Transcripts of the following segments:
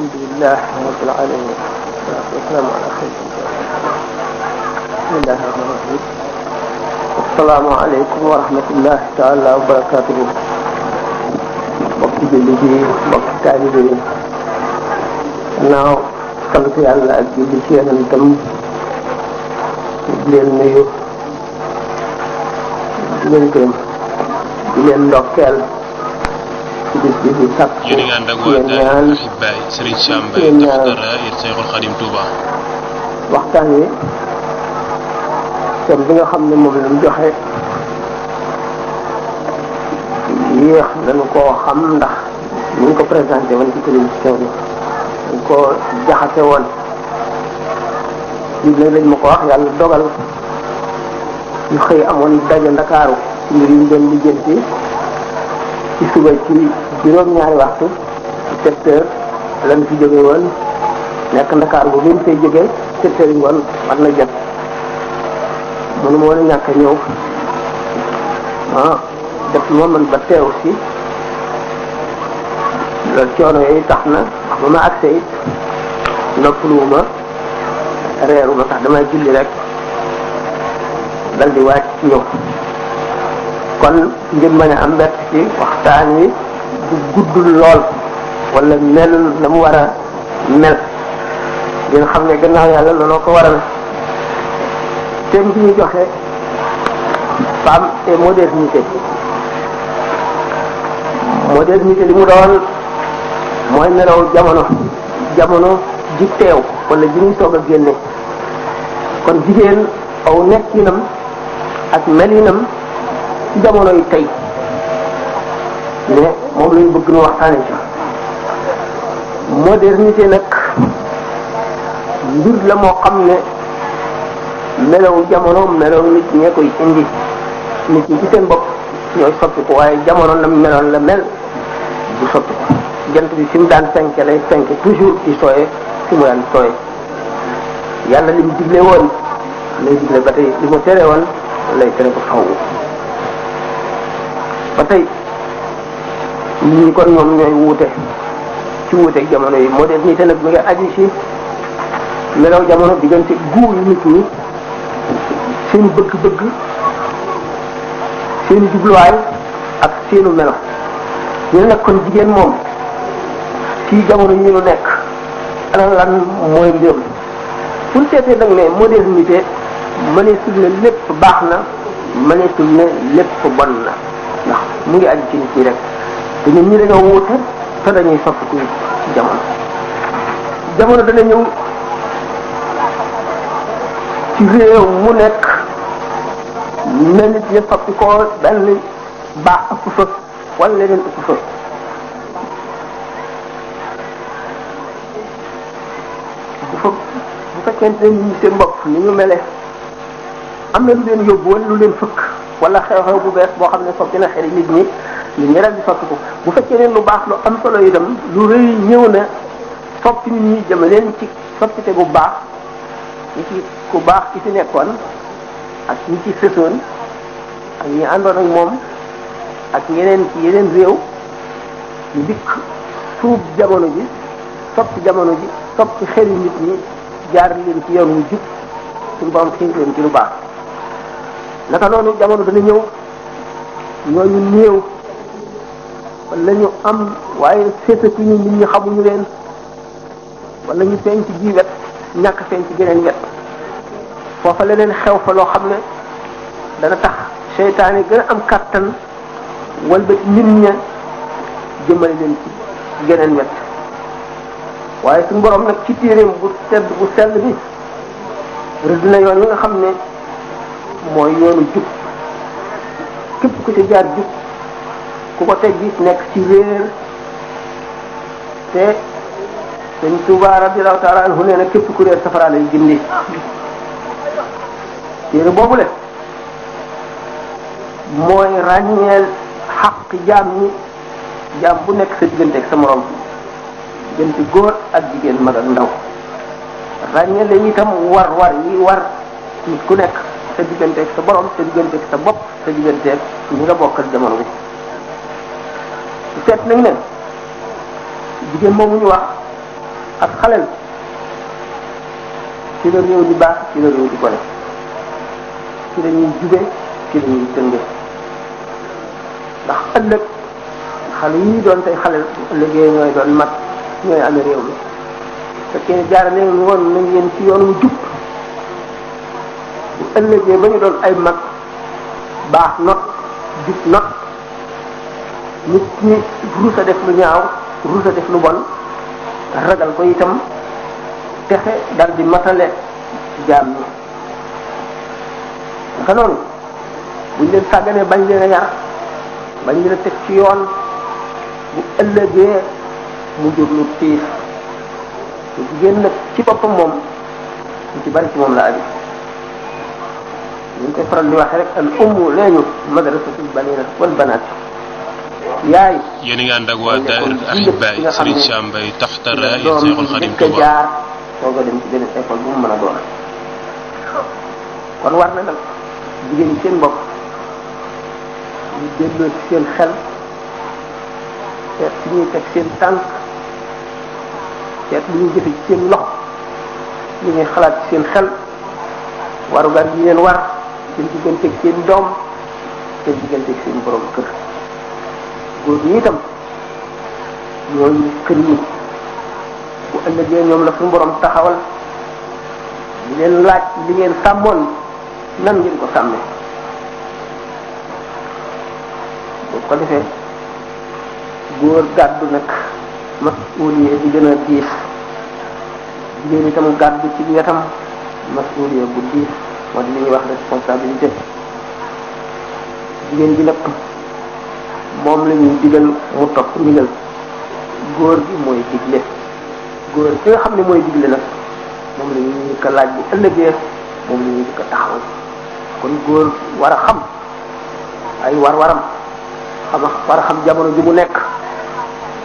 الحمد لله رب العالمين والصلاة والسلام على خير بسم الله الرحمن الرحيم السلام عليكم ورحمة الله تعالى وبركاته mbokki jullit yi mbokki taalibe yi naaw sant yàlla ak julli ci yonentam di leen nuyu di leen gërëm di leen ndokkeel ci bis bi di sàkku yéen ñaan yéen ñaan waxtaan wi thème bi nga xam ne moom lañ joxe yéex nañu koo xam ndax ni ko présenté woon ci télévision bi dañ koo jaxase woon lii nag lañ ma ko wax yàlla dogal ñu xëy amoon daje ndakaaru ci mbir yi ñu doon lijjanti ci suba ci juróom-ñaari waxtu sept heures lañ fi jóge woon nekk ndakaar bu bi mu fay jóge sept heures yi ngoon na jot mënu ma woon a ñàkk a ñëw ah def ma man ba teew si loolu coono yooyu tax na ba ma agsee it noppaluwuma reeruma sax damay julli rek dal di wàcc ñëw kon ngir mën am mbett ci waxtaan wi du guddul lool wala melul na mu war a mel ngeen xam ne gannaaw yàlla looloo ko waral thème bi ñu joxe femme et modernité modernité li mu doon mooy nelaw jamono jamono ji teew wala ji ñuy soog a génne kon jigéen aw nekkinam ak melinam jamono yi tey ne moom lañu bëgg nu waxtaane ci modernité nag mbir la moo xam ne melaw jamono melow nit ñee koy indi nit ñi ci bopp ñooy soppi waaye jamono la meloon la mel du soppi jant bi fi mu daan fenke lay fenke toujours di sooye fi mu daan sooye yàlla li digle woon lay digle ba tey li mu tere woon lay tere ko faw ba tey nit ñi kon ñoom ñooy wuute ci wuute jamono yi modernité nag mi ngi aju ci melaw jamono diggante guur nit ñi seen bëgg-bëgg seen jubluwaay ak seenu melo ñu nag kon jigéen moom ci jamono ñu ñu nekk ana lan mooy mbiram pour seetee nag ne modernité mëneesul ne lépp baax na mëneesul ne lépp bon na ndax mu ngi aju ci nit ñi rek te ñun ñi dañoo wuute dañuy soppiku jamono jamono dana ñëw ci réew mu nekk mel nit ñi soppi ko benn baax ëpp fa wala leneen ëpp fa bu fa bu fekkente ne ñi seen bopp ni ñu mele am na lu leen yóbbu wala lu leen fëkk wala xew-xew bu bees boo xam ne foofu dina xel nit ñi lu ñu rek di soppi ko bu fekkee ne lu baax lu am solo itam lu rëy ñëw na soppi nit ñi jëm leen ci soppite bu baax ñi ci ku baax ki fi nekkoon ak ñi ci sësoon ak ñi àndoon ak moom ak yeneen ci yeneen réew ñu dikk suub jamono ji soppi jamono ji soppi xel nit ñi jaar leen ci yoon wu jub suñu borom xiir leen ci lu baax naka noonu jamono dana ñëw ñooñu néew wala ñu am waaye séetatuñu nit ñi xamuñu leen wala ñu feeñ ci ji wet ñàkk feeñ ci geneen wet foofa leneen xew fa loo xam ne dana tax seytaan yi gën a am kàttan walbati nit ña jëmale leen ci geneen wet waaye suñu borom nag ci téeréem sell bi rëdd na yoon yi nga xam ne mooy yoonu jub képp ku ci jaar ku ko teggi nekk ci réer te sëñ Tuuba radiyallahu taala anhu nee na képp ku réer safara lay gindi téere boobu le mooy ràññeel xaq jaam ñi jaam bu nekk sa diggante ak sa morom diggante góor ak jigéen mag ak ndaw ràññeel lañu itam war war yi war nit ku nekk sa digganteeg sa borom sa digganteeg sa bopp sa digganteeg ñi nga bokkal jamono bi seet nañ ne jigéen moomu ñu wax ak xalel ci la réew di baax ci la réew di bone ci la ñuy jube ci la ñuy tënge ndax ëllëg xale yi doon tey xalel liggéey ñooy doon mag ñooy amee réew mi te kenn jaarale woon nañ leen ci yoonu wu jub ëllëgee ba ñu doon ay mag baax na gis not nit ñi rus def lu ñaaw rus def lu bon ragal ko itam texe dal di matale jaam ñi naka noonu buñ leen sàgganee bañ leen a yar bañ leen a teg ci yoon bu ëllëgee mu jur lu tiis jigéen nag ci boppam moom lu ci bari ci moom la abi ñu ngi koy faral di waxee rek al ummu lañu madrasatul banina wal banaat yaay. yéen a ngi ànd ak waa daayira Ahibaay Serigne Sam Mbaye taxta raaya Seexul Xadim Tuuba jaar soo ko dem ci benn école bu mu mën a doon kon war na nag jigéen ñi seen bopp ñu delloo ci seen xel seet li ñuy teg seen tànk seet li ñuy jëfe ci seen loxo li ñuy xalaat ci seen xel warugar yi leen war seen digganteeg seen doom seen digganteeg seen boroom kër góor ñi itam ñooñu kër yi bu ëllëgee ñoom la suñu borom taxawal di leen laaj li ngeen sàmmoon nan ngeen ko sàmmee boo ko defee góor gàddu nag masuuliya bi gën a diis jigéen itam gàddu ci wetam masuuliya bu diis moo di li ñuy wax responsabilité jigéen ji nag moom la ñuy digal mu góor gi mooy digle góor ki xam ne mooy digle nag moom la ñuy laaj bu ëllëgee moom la ñuy taxawal kon góor war a xam ay war-waram xam war a xam jamono ji mu nekk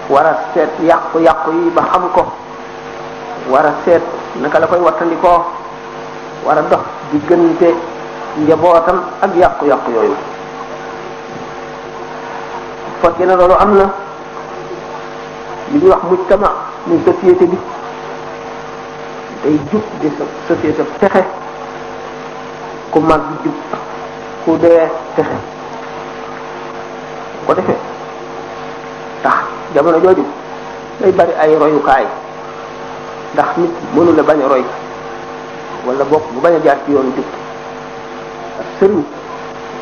war a seet yàqu-yàqu yi ba xam ko war a seet naka la koy wattandikoo war a dox diggante njabootam ak yàqu-yàqu yooyu fekkee ne loolu am na li ñuy wax mujtama muy société bi day jub di société texe ku mag jub ku dee texe ko defee tax jamono jooju day bari ay royukaay ndax nit mënu bañ a roy wala bokk bu bañ a jaar ci yoonu jub ak sëriñ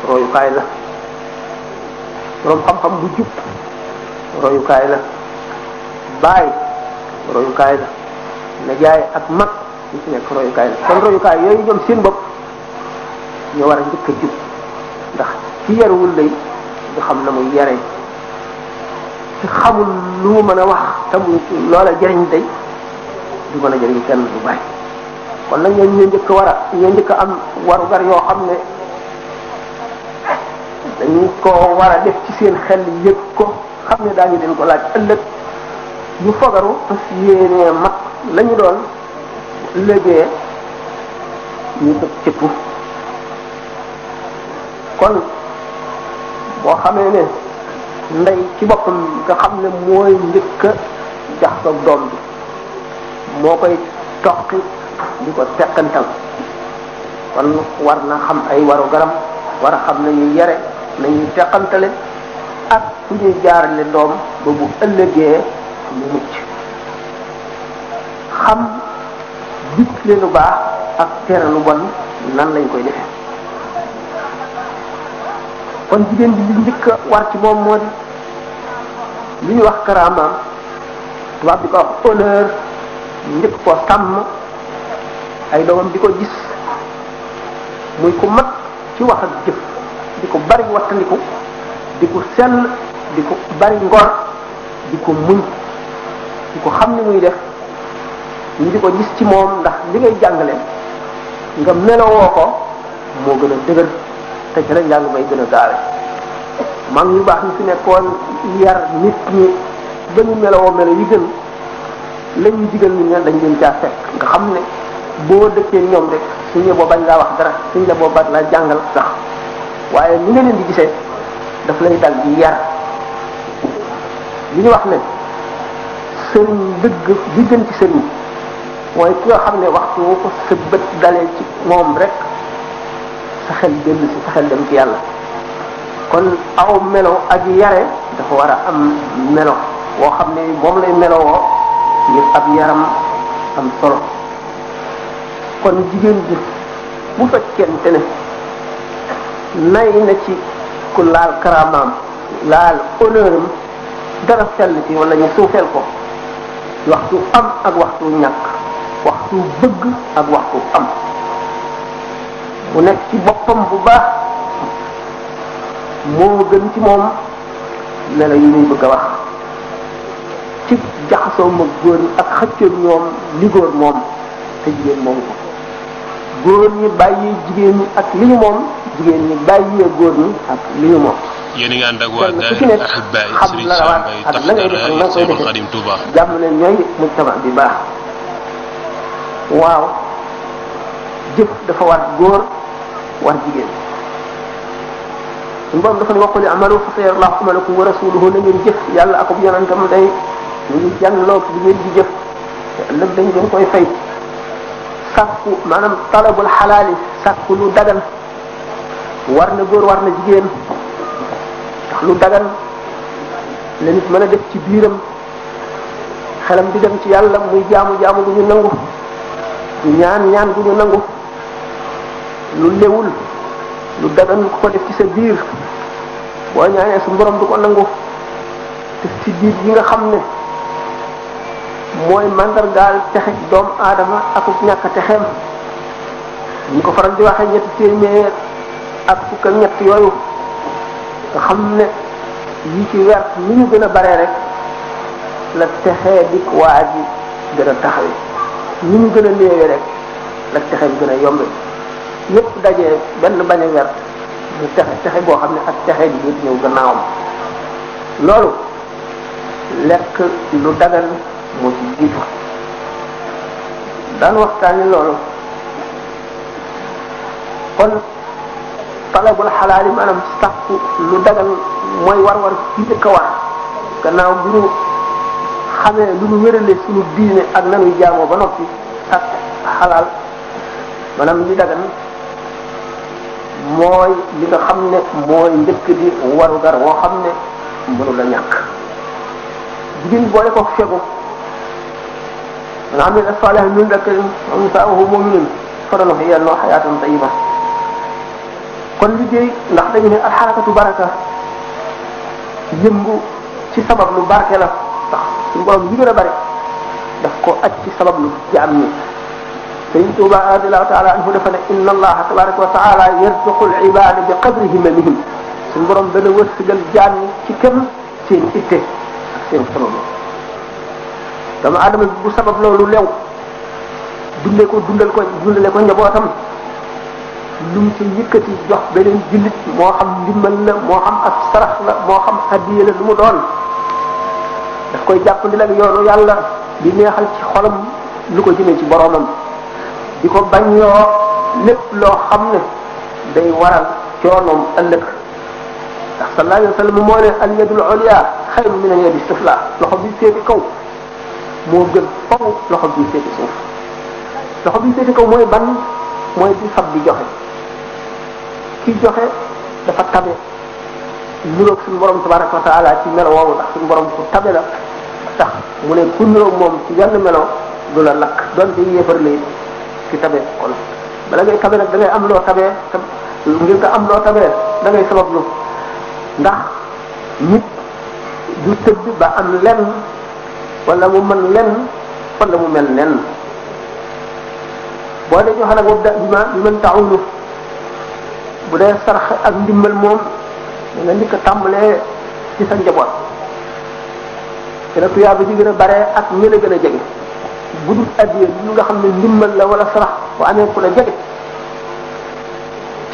royukaay la borom xam-xam bu jub royukaay la baay royukaay la najaay ak mag ñu ci nekk royukaay la kon royukaay yooyu ñoom seen bopp ñu war a njëkk a jub ndax ci yaruwul lay du xam na muy yare ci xamul lu mu mën a wax te mu loola jëriñ dey du mën a jëriñ kenn bu bàyyi kon nag yéen njëkk war a njëkk am warugar yoo xam ne dañu ko war a def ci seen xel yëg ko xam ne daañu leen ko laaj ëllëg yu fogaru parce que yéenee mag la doon léegee ñu dëg cëpp kon boo xamee ne ndey ci boppam nga xam ne mooy njëkk a jax doom bi moo koy toqi di ko teqantal kon war na xam ay waru garam war a xam nañuy yare nañuy teqantale ak fu ñuy jaarale doom ba bu ëllëgee mu mucc xam digle lu baax ak tere lu bon nan lañ koy defee kon jigéen bi li njëkk war ci moom moo di lu wax karaamaam tubaab bi ko wax honneur njëkk ko sàmm ay doomam di ko gis muy ku mat ci wax ak jëf di ko bari wattandiku di ko sell di ko bari ngor di ko muñ di ko xam ni muy def ñu di ko gis ci moom ndax li ngay jàngale nga melowoo ko moo gën a dëgër te ci la njàng may gën a gaawe mag ñu baax ñu fi nekkoon yar nit ñi ba melowoo melo yi gën lañu digal nit ñi dañ leen caa fekk nga xam ne boo dëkkee ñoom rek suñ la boo bañ laa wax dara suñ la boo bañ laa jàngal sax waaye ni nga leen di gisee daf lay dal di yar li ñu wax ne sëriñ dëgg bi gën ci sëriñ mooy ki nga xam ne waxtu woo ko sa dalee ci moom rek sa xel dellu dem ci yàlla kon aw melo ak yare dafa war a am melo woo xam ne moom lay melowoo ngir ab yaram am solo kon jigéen ji bu fekkente ne nay na ci ku laal karaamaam laal honneuram dara sell ci walla ñu suufeel ko waxtu am ak waxtu ñàkk waxtu bëgg ak waxtu am mu nekk ci boppam bu baax moo gën ci moom melo yi muy bëgg a wax ci jaxasoo mag góor yi ak xëccëg ñoom li moom te jigéen moom ko góor ñi bàyyi jigéen ñi ak li ñu moom jigéen ñi bàyyee góor ñi ak li ñu moom. yéen a ngi ànd ak waa daayira Ahibahi Serigne Sam Mbaye tax daayira Seydou ne ñooy mujtama bi baax waaw jëf dafa war góor war jigéen suñu borom dafa ne waxu ne amalu fa sayara Allahu amalakum wa rasuluhu na jëf yàlla ak yonentam day mu ngi jànloog li ngeen di jëf te ëllëg dañ leen koy fay. sàkku maanaam talabul xalaali sàkku lu dagan war na góor war na jigéen ndax lu dagan la nit mën a def ci biiram xelam di dem ci yàlla muy jaamu jaamu gu ñu nangu ñaan ñaan gu ñu lu lewul lu dagan ko def ci sa biir boo ñaanee su borom di ko nangu te ci biir yi nga xam ne mooy mandargaal texe doomu aadama ak ñàkk texeem duñ ko faral di waxee ñetti téeméer ak fukk ak ñett yooyu nga xam ne yi ci wert ni ñu gën a baree rek la texee dik waa ji gën a taxawe ni ñu gën a néewee rek la texe bi gën a yombe yépp dajee benn bañ a wert ñu texe texe boo xam ne ak texe bi ñëw gannaawam loolu lekk lu dagal moo ci jiitu daan waxtaani loolu kon talabul xalaali maanaam sàkku lu dagal mooy war ci njëkk a war gannaaw bi ñu xamee lu ñu wéralee suñu diine ak nanuy jaamoo ba noppi ak xalaal maanaam li dagan mooy li nga xam ne mooy njëkk di waru dara woo xam ne mënu la ñàkk jigéen boole ko fegu من عمل الصالح من ذكر أنثى وهو مؤمن فلنحيينه حياة طيبة kon liggéey ndax dañu ne alxarakatu baraka yëngu ci sabab lu barke la ndax suñu borom yi gën a bari daf ko aj ci sabab lu jaam ñi Sëriñ Tuuba radiallahu taala anhu dafa ne inna allaha tabaraka wa taala yarzuqu al-ibada bi qadri himamihim suñu borom dana wërsëgal jaam ñi ci kenn seen itte ak seen sabab dama adama bu sabab loolu lew dundee ko dundal ko dundale ko njabootam lu mu ci yëkkati jox beneen jullit moo xam limal la moo xam ak sarax la moo xam addiye la lu mu doon daf koy jàppandi nag yoonu yàlla di neexal ci xolam lu ko jëmee ci boroomam di ko bañoo lépp loo xam ne day waral coonoom ëllëg ndax sallallahu alayhi wa sallam moo ne al yadul ulya xayru min al yadi sufla loxo bi féete kaw moo gën faw loxo bi féete suuf loxo bi féete ko mooy ban mooy bi fab di joxe ki joxe dafa tabe niroog suñu borom tabaraka wa taala ci melo woowu ndax suñu borom ku tabe la tax mu ne ku niroog moom ci melo du la lakk donte yéefar lay ci tabe kon bala ngay tabe nag da am loo tabee ngir nga am loo tabee da ngay sabablu ndax nit du tëdd ba am lenn wala mu mën lenn wala mu mel lenn boo dee joxe nag wabda bi ma bi mën taawunu bu dee sarax ak ndimbal moom da nga njëkk a tàmbalee ci sa njaboot dina tuyaa bi ci gën a bare ak ñi la gën a jege bu dul addiyee lu nga xam ne ndimbal la wala sarax bu amee ku la jege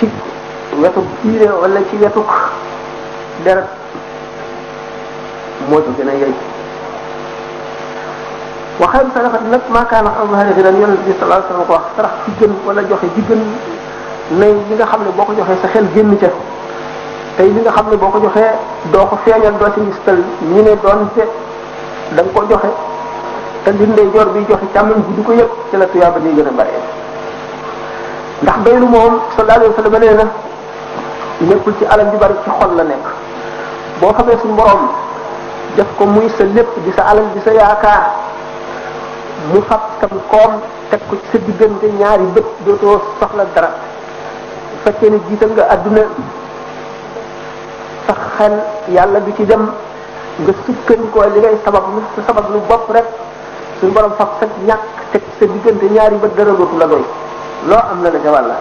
ci wetu biire wala ci wetu deret moo ci gën a yey wa xayru sadaqati nag maakaana azhari xiran yonent bi sallallahu alayhi wasallam ko wax sarax ci gën wala joxe ci gën nay li nga xam ne boo ko joxee sa xel génn ca tey li nga xam ne boo ko joxee doo ko feeñal doo ci ngistal ñu ne doonte da nga ko joxe te li ndeyjoor bi joxe càmmoñ bi du ko yëpp ci la tuyaaba di gën a bare ndax baylu moom sallallahu alayhi wasallam nee na nekkul ci alal ju bari ci la nekk boo xamee suñu borom def ko muy sa lépp di sa alal di sa yaakaar mu fab sam koom teg ko ci sa diggante ñaari bët dootoo soxla dara bu fekkee ne jiital nga àdduna sa xel yàlla du ci dem nga sukkandikoo li ngay sabab lu sa sabab lu bopp rek su borom fab sa ñàkk teg sa diggante ñaari bët dara dootu la doy loo am na la ca wàlla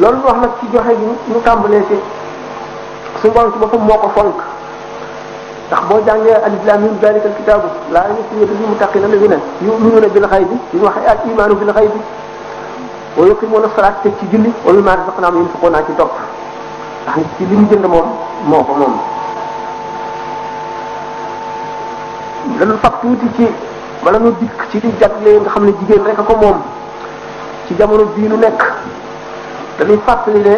loolu wax nag ci joxe gi ñu tàmbalee ci suñu borom ci moo ko fonk ndax boo jàngee alif lam mim zalika al kitaabu laa rayba fiihi muttaqina lazina yu'minuuna bil ghaybi li ñu wax al imaanu bil ghaybi wa yuqimuuna salaat teg ci julli wa mimmaa razaqnaahum yunfiquuna ci topp ndax nit ci li mu jënd moom moo ko moom. dañu fab tuuti ci bala ñu dikk ci li jagle nga xam ne jigéen rek a ko moom ci jamono bii nu nekk dañuy fàttali ne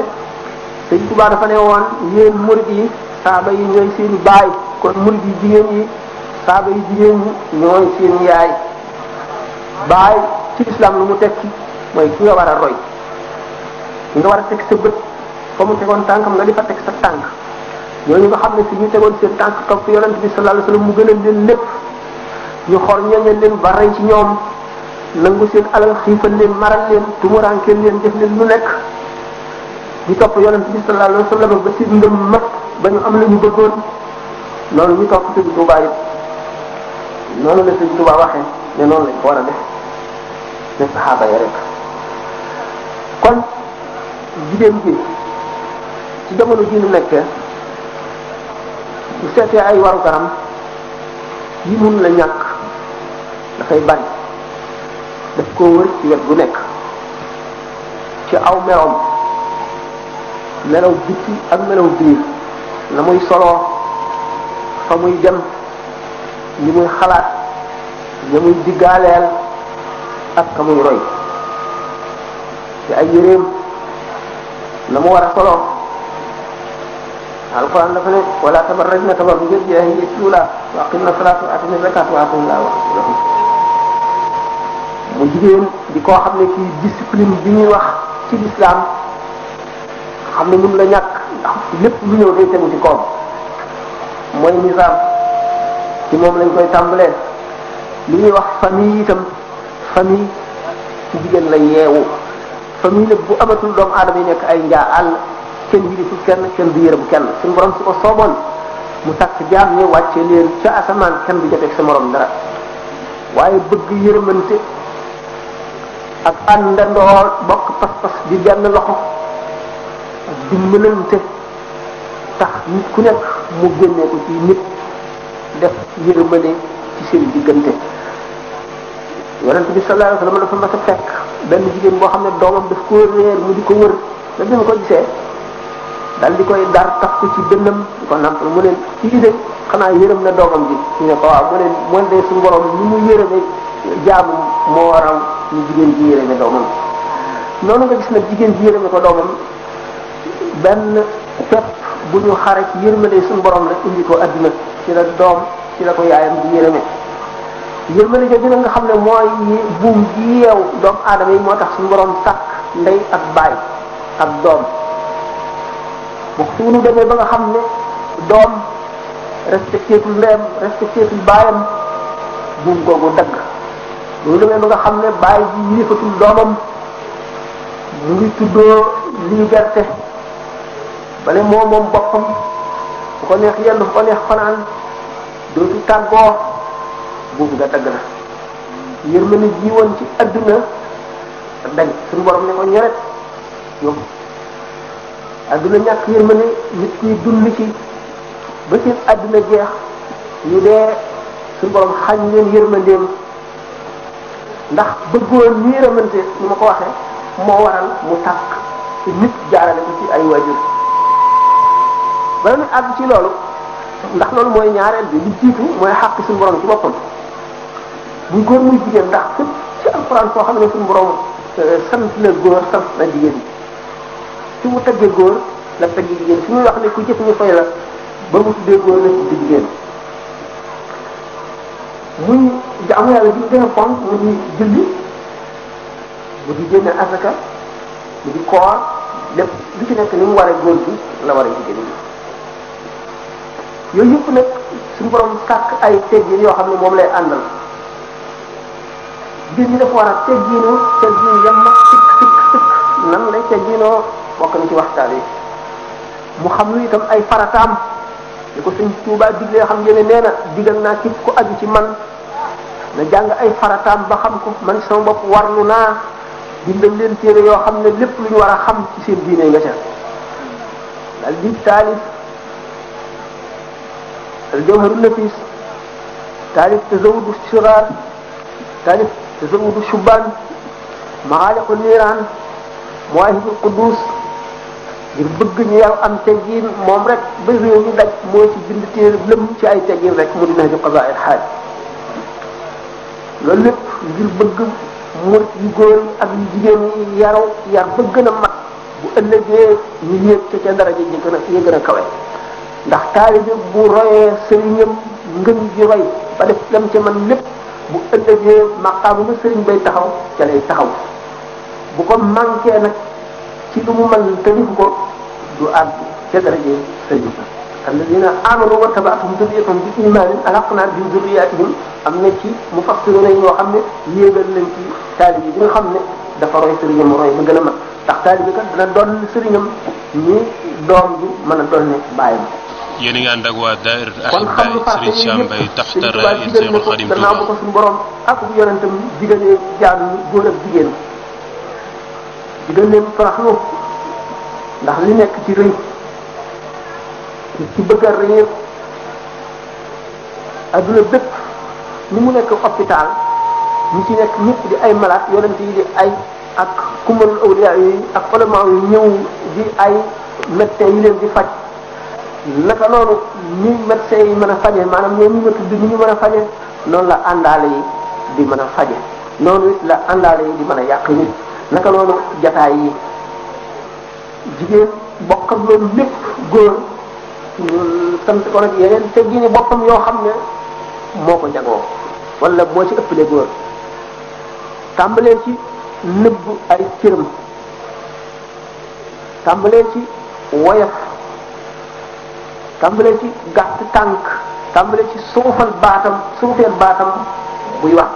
Sëñ Tuubaa dafa ne woon yéen murid yi. saaba yi ñooy seen baay kon murid yi jigéen yi saaba yi jigéen ñi ñooy seen yaay baay ci islam lu mu ci mooy ki nga war a roy ki nga war a teg sa bët fa mu tegoon tànkam nga di fa teg sa tànk ñooñu nga xam ne si ñu tegoon seen tànk topp yonent bi sallallahu alayhi wasallam mu gënal leen lépp ñu xor ñooñu leen ba rey ci ñoom nangu seen alal xiifal leen maral leen tumuraankel leen def leen lu nekk di topp yonent bi sallallahu alayhi wasallam ba si ngëm mat ba ñu am la ñu bëggoon loolu ñu topp sëñ Tuubaa noonu la sëñ Tuubaa waxee ne noonu lañ war a de ne saxaaba ya rek kon jigéen gi ci jamono ji nu nekkee bu seetee ay waru garam yi mun la ñàkk dafay bari daf koo wër ci wet gu nekk ci aw merom melaw bitti ak melaw biir na muy solo fa muy dem li muy xalaat li muy diggaaleel ak ka muy roy ci ay yéreem na mu war a soloo alquran dafa ne wala tabarrajna tabarruj al-jaahiliyya al-uulaa wa aqimna salaata wa aatina zakaata wa aatiina llaaha mu jigéen di koo xam ne kii discipline bi ñuy wax ci lislaam xam ne mun la ñàkk ndax lépp lu ñëw day tegu ci koom mooy nisaam ci moom lañ koy tàmbalee li ñuy wax famille itam famille jigéen la yeewu famille la bu amatul doomu aadama yi nekk ay njaa àll kenn yirifu kenn kenn du kenn suñu borom su ko mu takk jaam ñi wàcce leen ca asamaan kenn du joteeg sa morom dara waaye bëgg yërëmante ak àndandoo bokk pas-pas di benn loxo ak dimbalante tax nit ku nekk mu génnee ko ci nit def yërmande ci seen diggante yonent bi sallallahu alayhi wasallam dafa mas a fekk benn jigéen boo xam ne doomam daf ko réer mu di ko wër da bi ma ko gisee dal di koy dar tax ko ci dënnam di ko nampal mu leen kii de xanaa yërëm na doomam bi ñu ne ko waaw mu leen mu yërëme jaamu moo waral ñu jigéen ji yërëme doomam noonu nga gis nag jigéen ji yërëme ko doomam benn fépp bu ñu xare ci yërmande suñu borom la indi ko adduna ci la doom ci la ko yaayam di yërëme yërmande jooju nag nga xam ne mooy buum ji yeew doomu aadama yi moo tax suñu borom sàkk ndey ak baay ak doom bu suñu demee ba nga xam ne doom respectétul ndeyam respectétul baayam buum googu dagg loolu demee ba nga xam ne baay ji yilifatul doomam mu ngi tuddoo liberté ba moo moom boppam bu neex yenn bu ko neex fanaan dootu tàggoo buubu nga dagg na yërmande ji woon ci adduna dañ suñu borom ne ko ñoret yóbbu adduna ñàkk yërmande nit ñi dund ci ba seen adduna jeex ñu dee suñu borom xañ ndax bëggoon ñu yërmante ni ma ko waxee moo waral mu tàkk te nit jaarale ko ci ay waajur bala ñu àgg ci loolu ndax loolu mooy ñaareel bi li jiitu mooy xàq si borom ci boppam muy góor muy jigéen ndax fépp ci alxuraan foo xam ne si borom euh, sant na góor jigéen ñi su mu teggee góor la teggee jigéen su muy wax ne ku jëf ñu la ba mu tuddee la tuddee jigéen muy bi ñu gën a fonk mu di julli mu di génne asaka mu di koor lépp lu ci nekk ni mu waree góor bi la waree jigéen ñi. yooyu yëpp nag suñu borom sàkk ay teggin yoo xam ne moom lay àndal biir ñi dafa war a teggiinu teggiin yam nag sikk sikk sikk nan lay teggiinoo bokk na ci waxtaan yi mu xam lu itam ay farataam li ko sëñ Tuubaa digle xam ngeen nee na digal naa képp ku aju ci man na jàng ay farataam ba xam ko man soo bopp warlu naa bindal leen téere yoo xam ne lépp lu ñu war a xam ci seen diine nga ca daal di taalif aljawharu nafis taalif tazawudu sigaar taalif tazawudu shubaan maaliqu niiraan mawaahibu quddus ngir bëgg ñu yar am teggin moom rek ba réew mi daj moo ci bind téere lëm ci ay teggin rek mu di nahju qadaa'il haaj loolu lépp ngir bëgg murit yu góor yi ak yu jigéen yi yaru yar ba gën a mag bu ëllëgee ñu yéeg ca ca daraja ji gën a yéeg gën a kawe ndax taalibe bu royee sëriñam ngëm ji roy ba def lam ca lépp bu ëllëgee maqaamu nga sëriñ bay taxaw ca lay taxaw bu ko manqué nag ci lu mu man tërifu ko du àgg ca daraje sëriñ ba na amanu wa tabaatuhum durriyatuhum bi imaanin alaqna bi durriyatihim am na ci mu fassiru na ñoo xam ne yéegal nañ ci taalibe xam ne dafa roy sëriñam roy ba gën a mag ndax doom bi mën doon ne bàyyam yéen a ngi ànd ak waa daayira Ahibahil Serigne Sam Mbaye taxta raayil Seexul Xadim Touba gannaaw bu ko suñu borom ak yonentam digalee jaadu góor ak jigéen digal leen faraxlu ndax li nekk ci rëy ci bëgg a réer adduna bépp ni mu nekk hôpital ñu ci nekk ñëpp di ay malade yonent yi di ay ak kumalul awliya yooyu ak ulama yi ñëw di ay médecin yi leen di faj naka noonu ni médecin yi mën a faje maanaam ñoom ñi ma tudd ñu mën a faje noonu la àndaale yi di mën a faje noonu la àndaale yi di mën a yàq nit naka noonu jataay yi jigéen bokk ak loolu lépp góor sant ko nag yeneen te gini boppam yoo xam ne moo ko jagoo walla boo ci ëppale góor tàmbalee ci nëbb ay cëram tàmbalee ci woyaf tàmbalee ci gàtt tànk tàmbalee ci suufal baatam suufeel baatam buy wax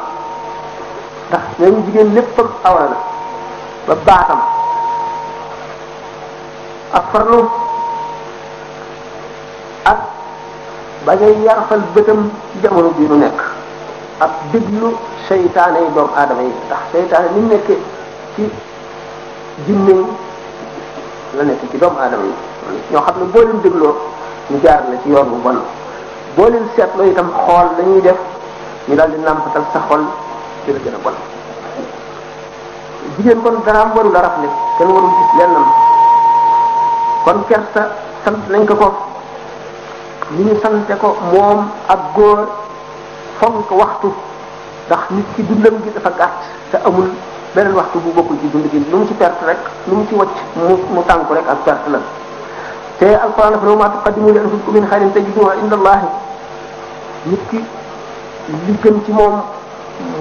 ndax ñooñu jigéen léppam awra la ba baatam ak farlu ak bañ a bëtam jamono bii mu nekk ak déglu seytaane yi doomu aadama yi ndax seytaane ni nekkee ci jinne la nekk ci doomu aadama yi ñoo xam ne boo leen dégloo ñu jaar la ci yoon bu bon boo leen seetloo yi itam xool la def ñu daal di nàmpatal sa xol ci la gën a bon jigéen kon daraam warul a rafle kenn warul gis lennam kon kersa sant nañ ko ko li ñu sante ko moom ak góor fonk waxtu ndax nit ki dundam gi dafa gàtt te amul beneen waxtu bu bokkul ci dund gi lu mu ci perte rek lu mu ci wacc mu mu tànku rek ak perte la te alquran dafa ne ma tuqaddimu li anfusikum min xayrin tajiduhu inda allahi nit ki li ci moom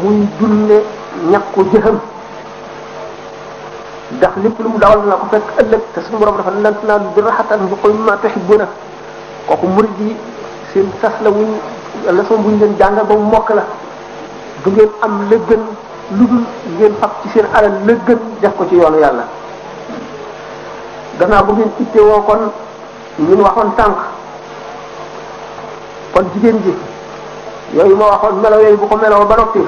muy dundee ñàkku jëfam ndax lépp lu mu dawal na ko fekk ëllëg te suñu borom dafa lan tanaalu birra hattaa tunfiqu mimmaa tuhibbuuna kooku murid yi seen sas la wuñ leçon buñ leen jàngal ba mu mokk la du ngeen am la gën lu dul ngeen fab ci seen alal la gën def ko ci yoonu yàlla gannaaw bu ngeen ittewoo kon yi waxoon sànq kon jigéen ji yooyu ma waxoon melo bu ko meloo ba noppi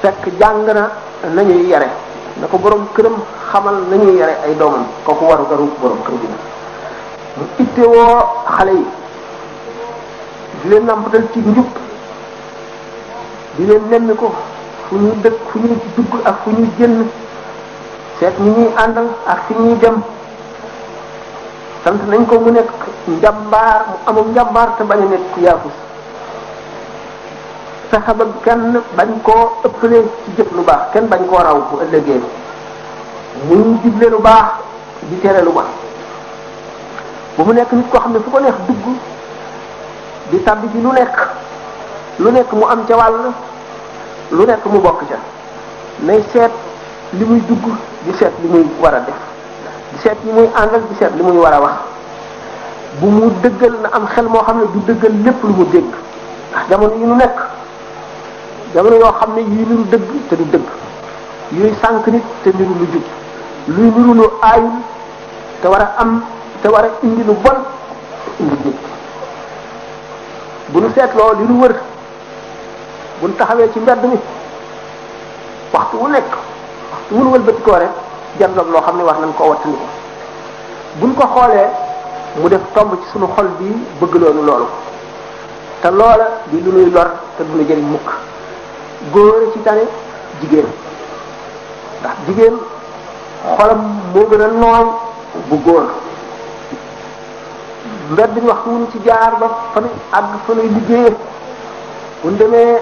fekk jàng na nañuy yare na ko borom këram xamal nañuy yare ay doomam kooku war garu borom kër gi mu ittewoo xale yi di leen nampatal ci njub di leen nemmi ko fu ñuy dëkk fu ñuy dugg ak fu ñuy génn seet ñu ñuy àndal ak fi ñuy dem sant nañ ko mu nekk njàmbaar mu amul njàmbaar te bañ a nekk ku yaafus fexe ba kenn bañ koo ëppale ci jëf lu baax kenn bañ koo raw bu ëllëgee muy digle lu baax di tere lu baax bu mu nekk nit koo xam ne fu ko neex dugg di tàbbi ci lu nekk lu nekk mu am ca wàll lu nekk mu bokk ca nay seet li muy dugg di seet li muy war a def di seet ñi muy àndal di seet li muy war a wax bu mu dëggal na am xel moo xam ne du dëggal lépp lu mu dégg ndax jamono yi ñu nekk jamono yoo xam ne yii niru dëgg te du dëgg yuy sànq nit te niru lu jub luy niru lu aayul te war a am te war indi lu bon indi jub bu nu seetloo li nu wër bu nu taxawee ci mbedd mi waxtu wu nekk waxtu wu nu wëlbatikoo rek jenloog loo xam ne war nañ ko wattandiku buñ ko xoolee mu def tomb ci suñu xol bii bëgg loolu loolu te loola di lu nuy lor te du nu jëriñ mukk góor ci tane jigéen ndax jigéen xolam moo gën a nooy bu góor mbedd ñu wax mun ci jaar ba fa nuy àgg fa nuy liggéeyee bu demee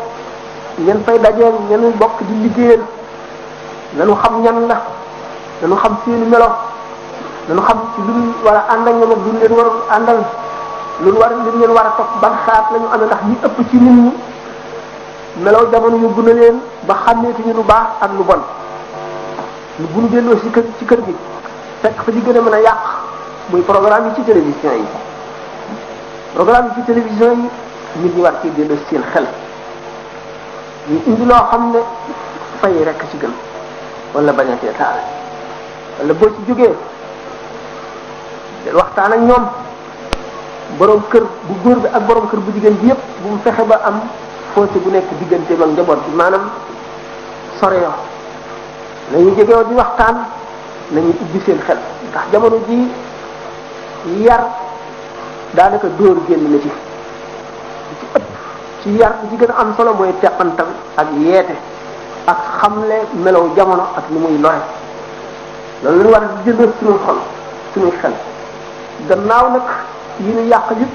ñen fay dajeel ñen bokk di liggéeyal nanu xam ñan la dañu xam seeni melo dañu xam ci lu ñu war a àndal lu ñu leen war a àndal lu war lu leen war a topp ban xalaat la ñu amee ndax ñi ëpp ci nit ñi melaw jamono yu gën a leen ba xàmmeeti ñu lu baax ak lu bon lu bu ñu delloo ci kër gi fekk fa di gën a mën a yàq muy programme yi ci télévision yi programme yi ci télévision yi nit ñi war ci delloo seen xel ñu indi loo xam ne fay rekk ci gën wala bañ a wala boo ci jógee waxtaan ak ñoom boroom kër bu góor bi ak boroom kër bu jigéen bi yépp bu mu fexe ba am fossé bu nekk diggante ak njaboot bi maanaam sore yoo nañu jegewoo di waxtaan nañu ubbi seen xel ndax jamono ji yar daanaka dóor génn na ci ci ëpp ci yar ci gën a am solo mooy teqantal ak yeete ak xam xamle melow jamono ak ni muy lore loolu lañu war a di jëndoo suñu xol suñu xel gannaaw nag yi ñu yàq yëpp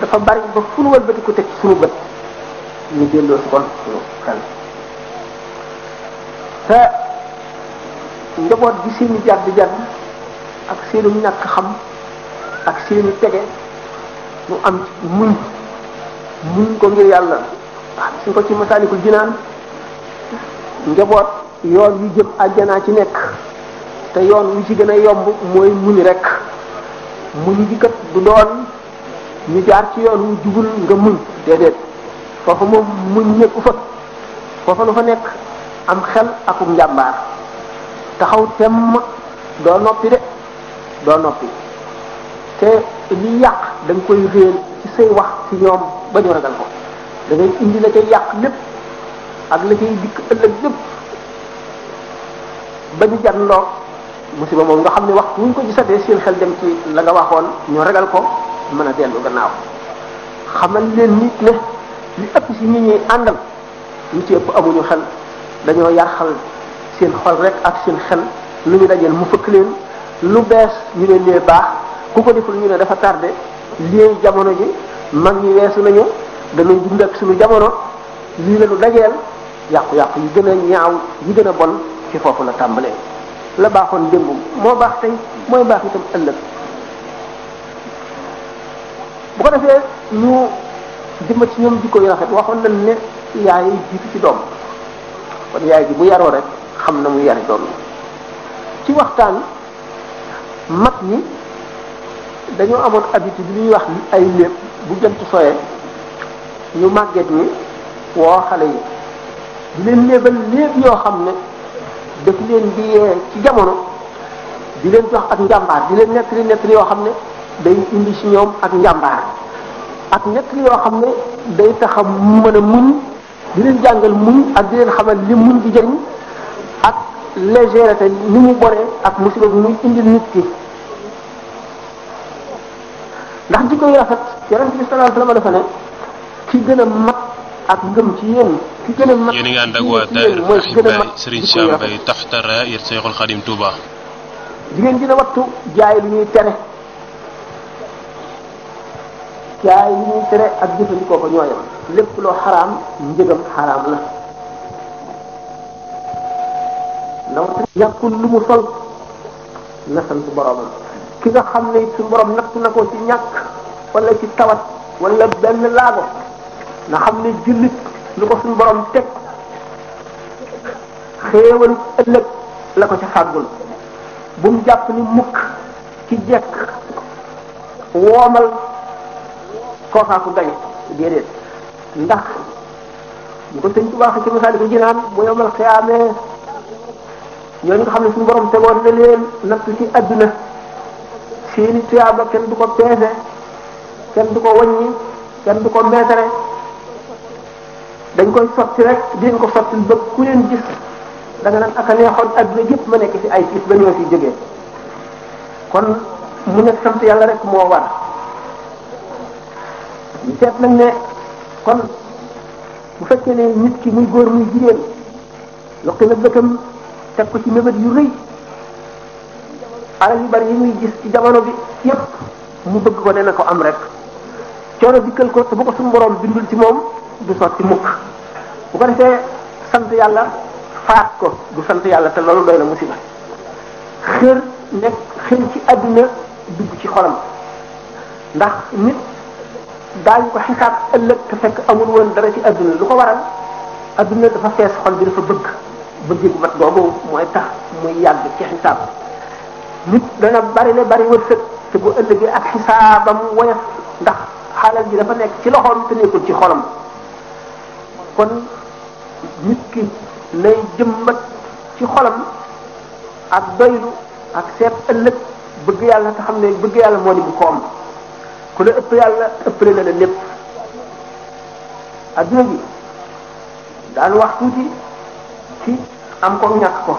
dafa bari ba fu nu wëlbati ko teg suñu bët ñu jëndoo kon suñu xel te njaboot gi seeni jàdd jàdd ak seenu ñàkk xam ak seeni tege mu am ci muñ muñ ko ngir yàlla waaw suñ ko ci masaalikul jinaan njaboot yoon yu jëm àjjanaa ci nekk te yoon wi ci gën a yomb mooy muñ rek muñ gi kat du doon ñu jaar ci yoon wu jubul nga muñ déedéet foofa moom muñ nekku fa foofa lu fa nekk am xel akuk njàmbaar taxaw temm doo noppi de doo noppi te li yàq da nga koy réel ci say wax ci ñoom ba ñu ragal ko da ngay indi la cay yàq lépp ak la cay dikk ëllëg lépp ba ñu jan loo musiba moom nga xam ne wax ku buñ ko gisatee seen xel dem ci la nga waxoon ñu ragal ko mën a dellu gannaaw xamal leen nit ne li ëpp ci nit ñi àndal ñu ci ëpp amuñu xel dañoo yàqal xol rek ak seen xel lu ñu dajeel mu fëkk leen lu bees ñu ne dee baax ku ko deful ñu ne dafa tardé lii jamono ji mag ñi weesu nañu danañ dund ak suñu jamono lii la ñu dajeel yàqu-yàqu yi gën a ñaaw yi gën a bon ci foofu la tàmbalee. la baaxoon démbam moo baax tey mooy baax tam ëllëg bu ko defee ñu jëmma ci ñoom jikko yu rafet waxoon nañ ne yaay jiitu ci doom kon yaay ji bu yaroo rek xam na mu yari doom ci waxtaan mag ñi dañoo amoon habitude li ñuy wax ay lépp bu jant soyee ñu màgget ñi woo xale yi di leen léebal léeb yoo xam ne daf leen di yee euh, ci jamono di leen jox ak njàmbaar di leen nettali nettali yoo xam ne day indi ci ñoom ak njàmbaar ak nettali yoo xam ne day tax a mën a muñ di leen jàngal muñ ak di leen xamal li muñ di jëriñ ak légèreté ni mu boree ak musiba bi muy indil nit ki ndax jikko rafet yonent bi sallallahu alayhi wa sallam ne ci gën a mat ak ngëm ci yéen ki gën a mag yéen a ngi ànd ak waa daayira Rahim Baye Serigne Sam Baye taxta raayat Seexul Xadim Touba di ngeen gën a wattu jaay lu ñuy tere jaay lu ñuy tere ak jëfandikoo ko ñooyam lépp loo xaraam njëgam xaraam la na wat ñàkkul lu mu sol na sant boromam ki nga xam ne it su borom natt na ko ci ñàkk wala ci tawat wala benn laago na xam ne jullit lu ko suñu borom teg xéewalu ëllëg la ko ca fàggul bu mu ni mukk ci jekk woomal kookaa ko gañe déedéet ndax ñu ko sëñ Tuubaa ci Masaalikul Jinaan bu yomal xiyaamee ñooñu nga xam ne suñu borom tegoon na leen natt ci àdduna seeni tuyaaba kenn du ko peese kenn du ko wàññi kenn du ko meetare dañ koy sotti rek diñ ko sotti ba ku leen gis da nga naan a neexoon adduna yëpp ma nekk ci ay gis ba fi jógee kon mu nekk sant yàlla rek moo war ñu seet nag ne kon bu fekkee ne nit ki muy góor muy jigéen loqi la bëkkam teg ko ci mëbët yu rëy alal yu bari yi muy gis ci jamono bi yépp mu bëgg ko dana ko am rek coono dikkal ko te bu ko suñu borom bindul ci moom du sotti mukk bu ko defee sant yàlla faat ko du sant yàlla te loolu doy na musiba xër nekk xër ci àdduna dugg ci xolam ndax nit daañu ko xisaab ëllëg te fekk amul woon dara ci àdduna lu ko waral àdduna dafa fees xol bi dafa bëgg bëgg bu mat boobu mooy tax muy yàgg ci xisaab nit dana bari le bari wërsëg te bu ëllëgee ak xisaabam woyof ndax xalal ji dafa nekk ci loxoom te nekkul ci xolam kon nit ki nay jëmbat ci xolam ak doylu ak seet ëllëg bëgg yàlla te xam ne bëgg yàlla moo di bu ko am ku la ëpp yàlla ëppale na la lépp adduna bi daan wax tuuti ci am ko ñàkk ko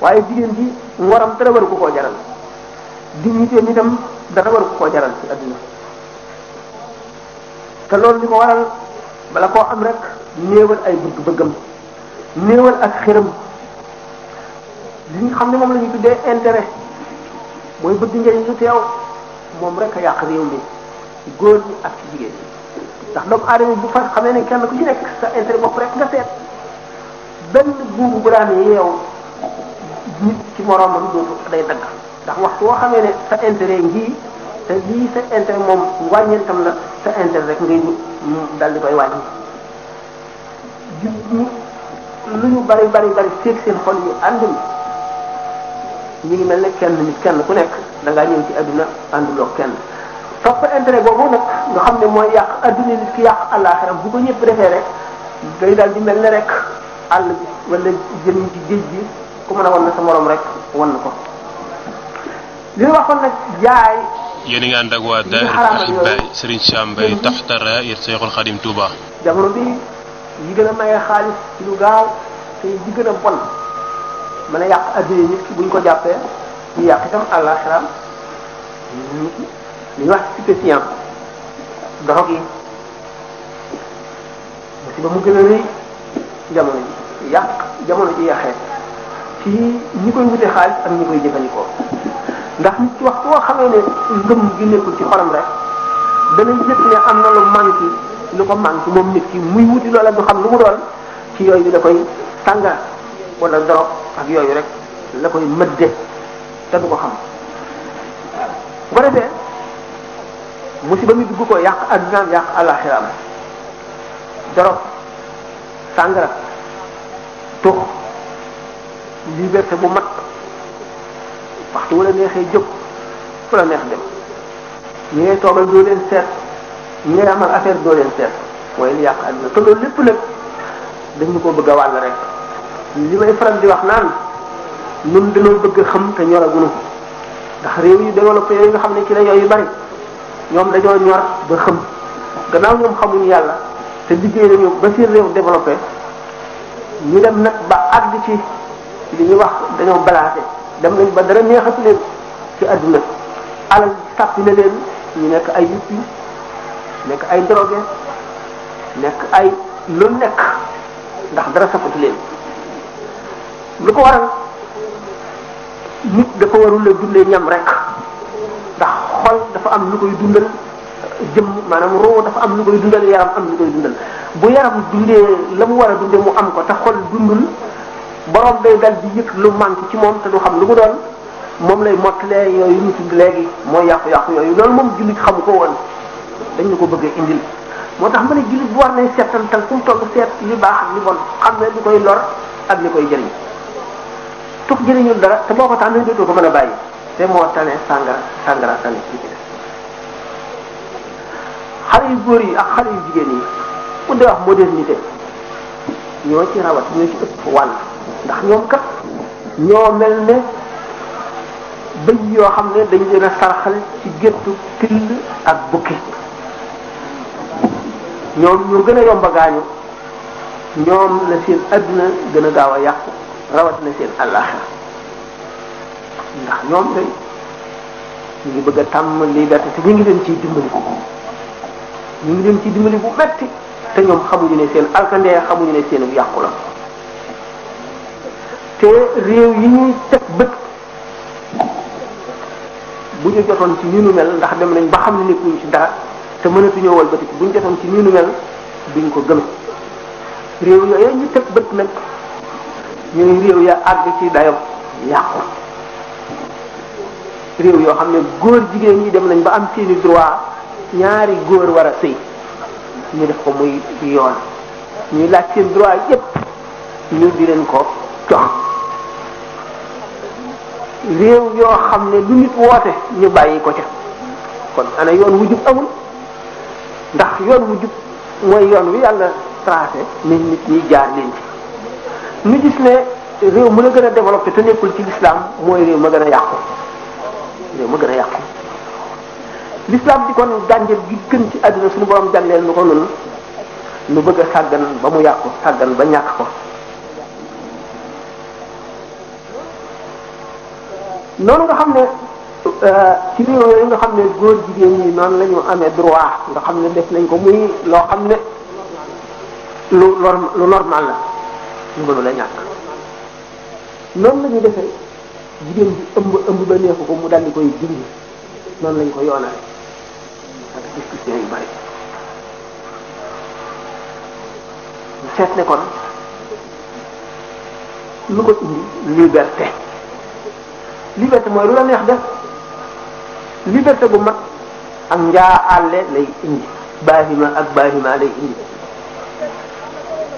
waaye jigéen ji ngoram dara waru ko koo jaral dignité nitam dara waru ko koo jaral ci adduna te loolu li ko waral bala koo am rek néewal ay bëgg-bëggam néewal ak xiram li nga xam ne moom la ñu tuddee intérêt mooy bëgg njëriñ lu teew moom rek a yàq réew mi góor ñi ak ci jigéen ndax doomu aadama bu far xamee ne kenn ku ci nekk sa intérêt bopp rek nga seet benn buubu bu daan yeew nit ci moroomam dootu day dagg ndax waxtu woo xamee ne sa intérêt ngii te lii sa intérêt moom wàññeentam la sa intérêt rek ngay dal di koy wàññi ñu lu ñu bari bari bari féeg seen xol yi àndul ñu ngi mel ne kenn nit kenn ku nekk da ngaa ñëw ci adduna ànduloo kenn topp intérêt boobu nag nga xam ne mooy yàq adduna nit ki yàq àllaaxira bu ko ñëpp rek day dal di mel ne rek àll bi wala jëm ci géej gi ku mën a wan na sa morom rek wan na ko li ñu waxoon nag jaay yéen a ngi ànd ak waa daayira Ahibaay Serigne Sam Mbaye taxta raayir Seexul Xadim Touba. jamono bi yi gën a maye xaalis ci lu gaaw te yi gën a bon mën a yàq adduna nit ki buñ ko jàppee ñu yàq itam mu gën a rëy jamono ji yàq jamono ji yàqee ci ñi koy wute xaalis ak ñi koy jëfandikoo. ndax nit ci wax koo xamee ne ngëm gi nekkul ci xolam rek dana yëg ne am na lu manqué lu ko manqué moom nit ki muy wuti loola du xam lu mu doon ci yooyu la koy sànga wala doro ak yooyu rek la koy mëdde te du ko xam bu ko defee musiba mi dugg ko yàq addunaam yàq alaxiraam doro sàngara tux liberté bu mat waxtu wala neexee jóg fu la neex dem ñi ngay toogal doo leen seet ñi ngay amal affaire doo leen seet mooy li yàq àdduna te loolu lépp nag dañu ko bëgg wàll rek li may faral di wax naan ñun dañoo bëgg a xam te ñoragunu ndax réew yu développé yooyu nga xam ne ci la yooyu bari ñoom dañoo ñor ba xam gannaaw ñoom xamuñu yàlla te liggéey nañu ba seen réew développé ñu dem nag ba àgg ci li ñuy wax dañoo balaase dem nañ ba dara neexatu leen ci àdduna alal tàppi na leen ñu nekk ay yuppi nekk ay drogué nekk ay lu nekk ndax dara safatu leen lu ko waral nit dafa warul la dundee ñam rek ndax xol dafa am lu koy dundal jëm maanaam roo dafa am lu koy dundal yaram am lu koy dundal bu yaram dundee la mu war a dundee mu am ko te xol dundul borom day dal di yëg lu manque ci moom te du xam lu mu doon moom lay mottalee yooyu ñu tudd léegi mooy yàqu-yàqu yooyu loolu moom jullit xamu ko woon dañu ñu ko bëggee indil moo tax ma ne jullit bu war nay seetantal fu mu togg seet yu baax ak li bon xam ne li koy lor ak li koy jëriñ tux jëriñul dara te boo ko tax nañ dootoo ko mën a bàyyi te moo tane sàngara sàngara tane li ci des xale yu góor yi ak xale yu jigéen yi bu dee wax modernité ci rawat ñoo ci ëpp wàll ndax ñoom kat ñoo mel ne bëy yoo xam ne dañ leen a saraxal ci géttu till ak bukki ñoom ñu gën a yomb gaañu ñoom la seen addina gën a gaaw a yàqu rawat na seen àllaaxira ndax ñoom day ñu ngi bëgg a tàmm liberté te ñu ngi leen ciy dimbali ñu ngi leen ciy dimbali bu metti te ñoom xamuñu ne seen alkandee xamuñu ne seen bu yàqu la te réew yi ñuy teg bët bu ñu jotoon ci ni nu mel ndax dem nañ ba xam ne nekkuñ ci dara te mënatuñoo walbati bu ñu jotoon ci ni nu mel duñ ko gëm réew yooyu ñu teg bët nag ñooy réew ya àgg ci dayo yàqu réew yoo xam ne góor jigéen ñi dem nañ ba am seeni droit ñaari góor war a sëy ñu def ko muy yoon ñuy laaj seen droit yépp ñu di leen ko jox réew yoo xam ne lu nit woote ñu bàyyi ko ca kon ana yoon wu jub amul ndax yoon wu jub mooy yoon wi yàlla tracé ne nit ñi jaar leen ci ñu gis ne réew mu la gën a développé te nekkul ci l'islam mooy réew ma gën a yàqu réew ma gën a yàqu l'islam di kon gànjër gi gën ci àdduna suñu borom jàlleel nu ko noonu nu bëgg a sàggan ba mu yàqu sàggan ba ñàkk ko noonu nga xam ne euh, ci réew yooyu nga xam ne góor jigéen ñi noonu lañu amee droit nga xam ne def nañ ko muy loo xam ne lu lu normal la ñu mënu la ñàkk noonu la ñu defee jigéen bi ëmb ëmb ba neexu ko mu daldi koy dindi noonu lañ ko yoonale ak discussion yu bari ñu ne kon lu ko indi liberté li liberté mooy lu la neex def liberté bu mag ak njaa àlle lay indi baahima ak baahima lay indi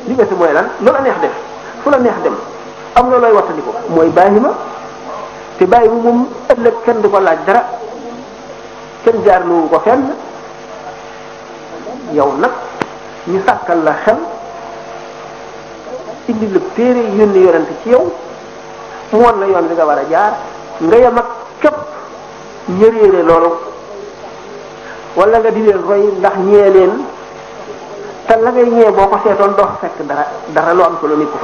liberté mooy lan lu la neex def fu la neex dem am na looy wattandiku mooy baahima te baahima moom ëllëg kenn du ko laaj dara kenn jaar lu ko fenn yow nag ñu sàkkal la xel indi la téere yónni yonent ci yow moon la yoon bi nga war a jaar nga yem ak képp ñëréere loolu wala nga di leen ndax ñee leen te la ngay ñee boo ko seetoon doo fekk dara dara lu am solo nekku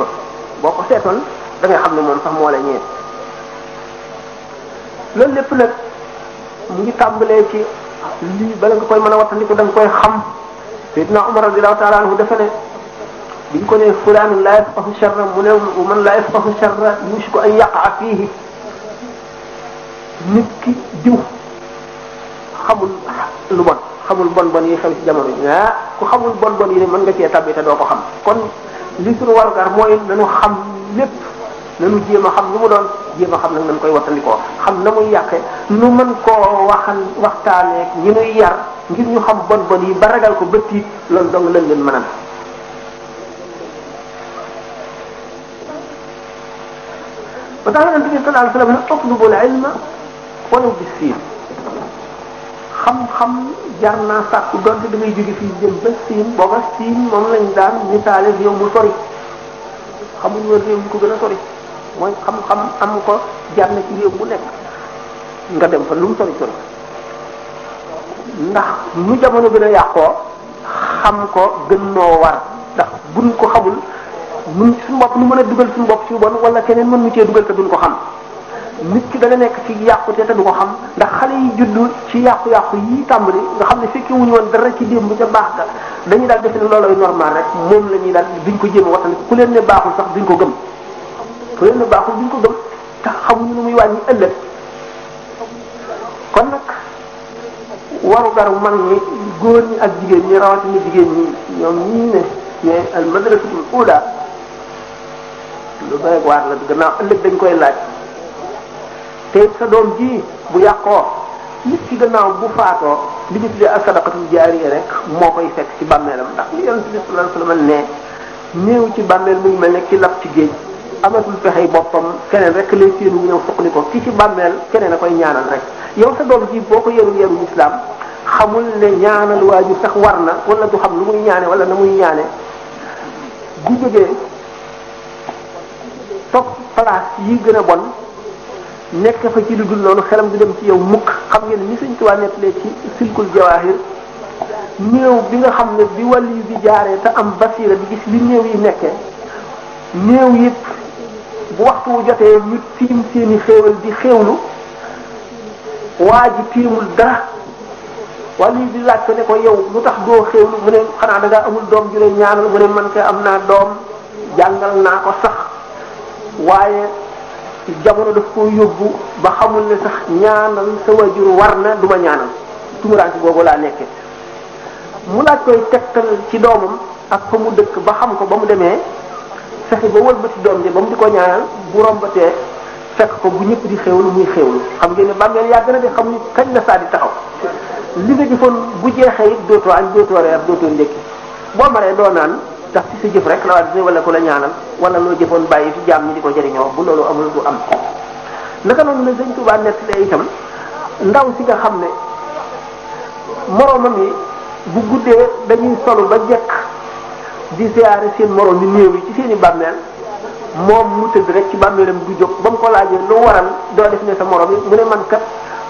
boo ko seetoon da nga xam ne moom sax moo la ñee loolu lépp nag mu ngi tàmbalee ci lii bala nga koy mën a wattandiku da nga koy xam Seydina Umar radiyallahu ta'ala anhu dafa ne bi ñu ko ne fulaan la yafqahu sharra mu ne man la yafqahu sharra yushku an yaqa fihi nu ki diw xamul lu bon xamul bon bon yi xew ci jamono ji ah ku xamul bon bon yi ne mën nga cee tabbi te doo ko xam kon li suñu warugar mooy nañu xam lépp nañu jéem a xam lu mu doon jéem a xam nag nañu koy wattandikoo xam na mu yàqe nu mën ko waxan waxtaaneeg ñi nuy yar ngir ñu xam bon bon yi ba ragal ko bët yi loolu dong lañ leen mënal ba tax yonent bi sallallahu alayhi wasallam ne utlubul ilma walaw bi siin xam-xam jar naa sàkku donte da ngay jóge fii jëm ba siin booba siin moom lañ daan misaale réew mu sori xamuñ woon réew ko gën a sori mooy xam-xam am ko jar na ci réew mu nekk nga dem fa lu mu sori sori ndax nu jamono gën a yàqoo xam ko gën noo war ndax buñ ko xamul nun suñu bopp nu mën a dugal suñu bopp ci bon wala keneen mën nu cee dugal te duñ ko xam nit ki dana nekk ci yàqu te du ko xam ndax xale yi juddu ci yàqu-yàqu yi tàmbali nga xam ne fekki wuñu woon dara ci démb ca baax ga dañuy daal def ne loolooy normal rek moom la ñuy daal duñ ko jéem a waxtaan ku leen ne baaxul sax ñu ko gëm ku leen ne baaxul duñ ko gëm tax xamuñu lu muy wàññi ëllëg kon nag waru war mag ñi góor ñi ak jigéen ñi rawatina jigéen ñi ñoom ñii ne ñooy al madrasatul ula ëllëg dañ koy laaj te sa doom ji bu yàqoo nit ci gannaaw bu faatoo li ñu tuddee asadaqatul jaariya rek moo koy fekk ci bàmmeelam ndax li yonent bi sallallahu ci bàmmeel muy mel ne ki lab ci géej amatul pexey boppam keneen rek lay séenu bu ñëw ko ki ci bàmmeel keneen a koy ñaanal rek yow sa doom ji boo ko yarul yarul islam xamul ne ñaanal waajur sax war na wala du xam lu muy ñaane wala na muy ñaane bu jógee topp place yi gën a bon nekk fa ci lu dul loolu xelam du dem ci yow mukk xam ngeen ni Sëriñ Tuubaa nettalee ci silkul jawaahir néew bi nga xam ne bi wàll yi di jaaree te am basiira di gis li néew yi nekkee néew yëpp bu waxtu wu jotee ñu tiim seeni xéewal di xéewlu waa ji tiimul dara wàll yi di laaj ko ne ko yow lu tax doo xéewlu mu ne xanaa da amul doom ju lay ñaanal mu ne man kay am naa doom jàngal naa ko sax jamono daf koo yóbbu ba xamul ne sax ñaanal sa wajur war na du ma ñaanal tumuraanke boobu laa nekkee mu laaj koy tegtal ci doomam ak fa mu dëkk ba xam ko ba mu demee fexe ba wëlbati doom bi ba mu di ko ñaanal bu rombatee fekk ko bu ñëpp di xéwlu muy xéwlu xam ngeen ne bàmmeel yaa gën a di xam ni kañ la saa di taxaw li nga jëfoon bu jeexee it dootoo añ dootoo reer dootoo ndékki boo maree doo naan tax ci sa jëf rek la waa wala ko la ñaanal wala loo jëfoon bàyyi fi jaam ñi di ko jëriñoo bu loolu amul du am naka noonu la sëñ Tuubaa nettali itam ndaw si nga xam ne moroomam yi bu guddee dañuy solu ba jekk di siyaare seen moroom yi néew yi ci seen i bàmmeel moom mu tëdd rek ci bàmmeelam du jóg ba mu ko laajee lu waral doo def ne sa moroom yi mu ne man kat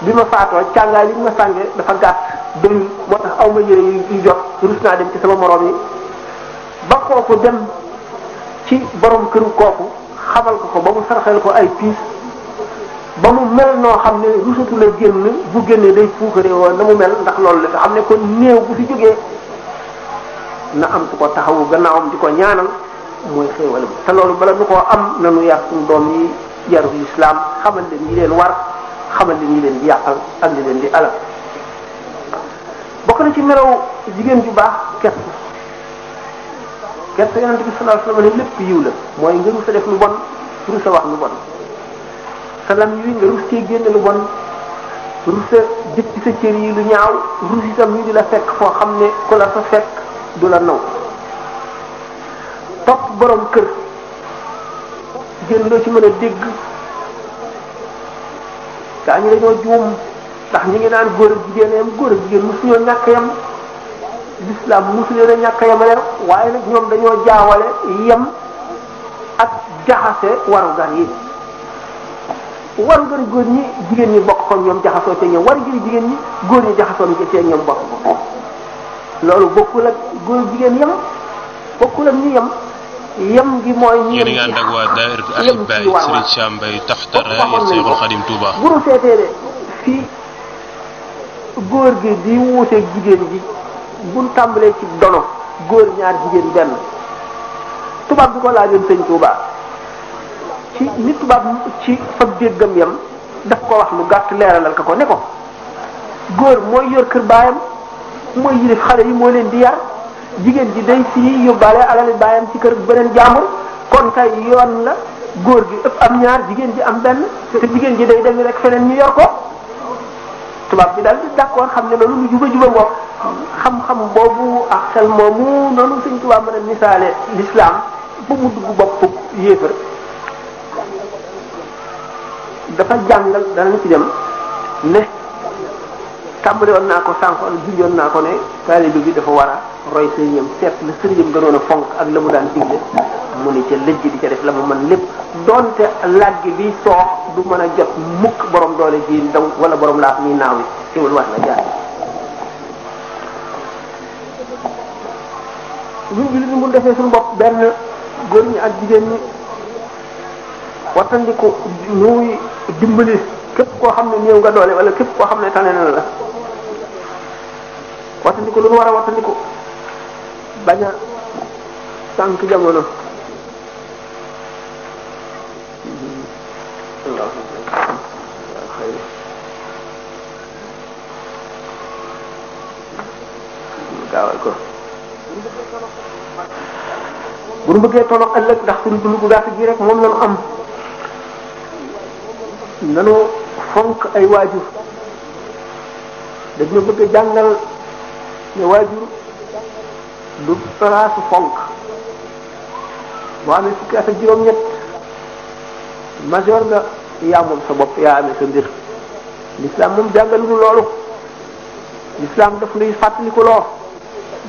bi ma faatoo càngaay li ñu ma sànge dafa gàtt doyul moo tax aw ma yére yu jot rus naa dem ci sama moroom yi ba kooku dem ci borom këru kooku xamal ko ko ba mu sarxel ko ay piis ba mu mel noo xam ne rusatu la génn bu génnee day puukaree woon na mu mel ndax loolu la nga xam ne kon néew bu fi jógee na am ku ko taxawu gannaawam di ko ñaanal mooy xéewal bi te loolu bala nu koo am na yar suñu doom yi yaru islam xamal leen ñi leen war xamal leen ñi leen yàqal ak ñi leen di alal bokk na ci melaw jigéen ju baax kepp gerte yonente bi sallallahu alayhi wasallam yiw la mooy nga rus a lu bon rus a wax lu bon sa lam yi nga rus cee génn lu bon rus a jëpp ci sa cër yi lu ñaaw rus itam ñu di la fekk foo xam ne ku la fa fekk du la naw topp borom kër génn loo ci mën a dégg gaa ñi dañoo juum ndax ñu ngi naan góor ak jigéen yam góor ak jigéen mosuñoo ñàkk yam l'islam mosulee na ñàkk a yemale waaye nag ñoom dañoo jaawale yem ak jaxase warugar yi warugar góor ñi jigéen ñi bokk ko ñoom jaxasoo ci ñoom warugar jigéen ñi góor ñi jaxasoo na ci ñoom bokk ko loolu bokkul ak góor jigéen yem bokkul ak ñu yem yem gi mooy. ñu ngi ànd ak waa Daayiratu Ahibaay Serigne Sam taxta raaya Seexul Xadim Touba. gi buñ tàmbalee ci dono góor ñaar jigéen benn tubaab bi ko laajoon sëñ Tuubaa ci nit tubaab ci fag déggam yam daf ko wax lu gàtt leeralal ko ko ne ko góor mooy yor kër baayam mooy yilif xale yi moo leen di yar jigéen ji day ci yóbbaale alali baayam ci kër beneen jaamur kon kay yoon la góor gi ëpp am ñaar jigéen ji am benn te jigéen ji day dem rek feneen ñu yor ko subaab bi daal di d'accord xam ne loolu lu juba juba ngoog xam-xam boobu ak xel moomu noonu suñ tubaab mën a misaale l'islam ba mu dugg bopp yéefar dafa jàngal danañ ci dem ne tàmbali woon naa ko sànkoon junjoon naa ko ne taalibe bi dafa war a roy sëriñam seet la sëriñam gënoon a fonk ak la mu daan digle mu ni ca lëjj di ca def la mu mën lépp donte làggi bi soo du mën a jot mukk borom doole ji daw wala borom laaf mi naaw yi siwul wax la jaar ñun jullit ñi suñu bopp benn góor ñi ak jigéen ñi dimbali képp koo xam ne néew nga doole wala képp koo xam ne tane na la wattandiku lu mu war a wattandiku bañ a sànq jamono gaawal bu nu bëggee tolloo ëllëg ndax suñu dund gu gàtt gi rek moom lañu am nanu fonk ay waajur dañu bëgg jàngal ne waajur lu palaasu fonk boo amee fukki at ak juróom-ñett majeur nga yaa moom sa bopp yaa amee sa mbir l'islam moom jàngalu nu loolu l'islam daf nuy fàttaliku loo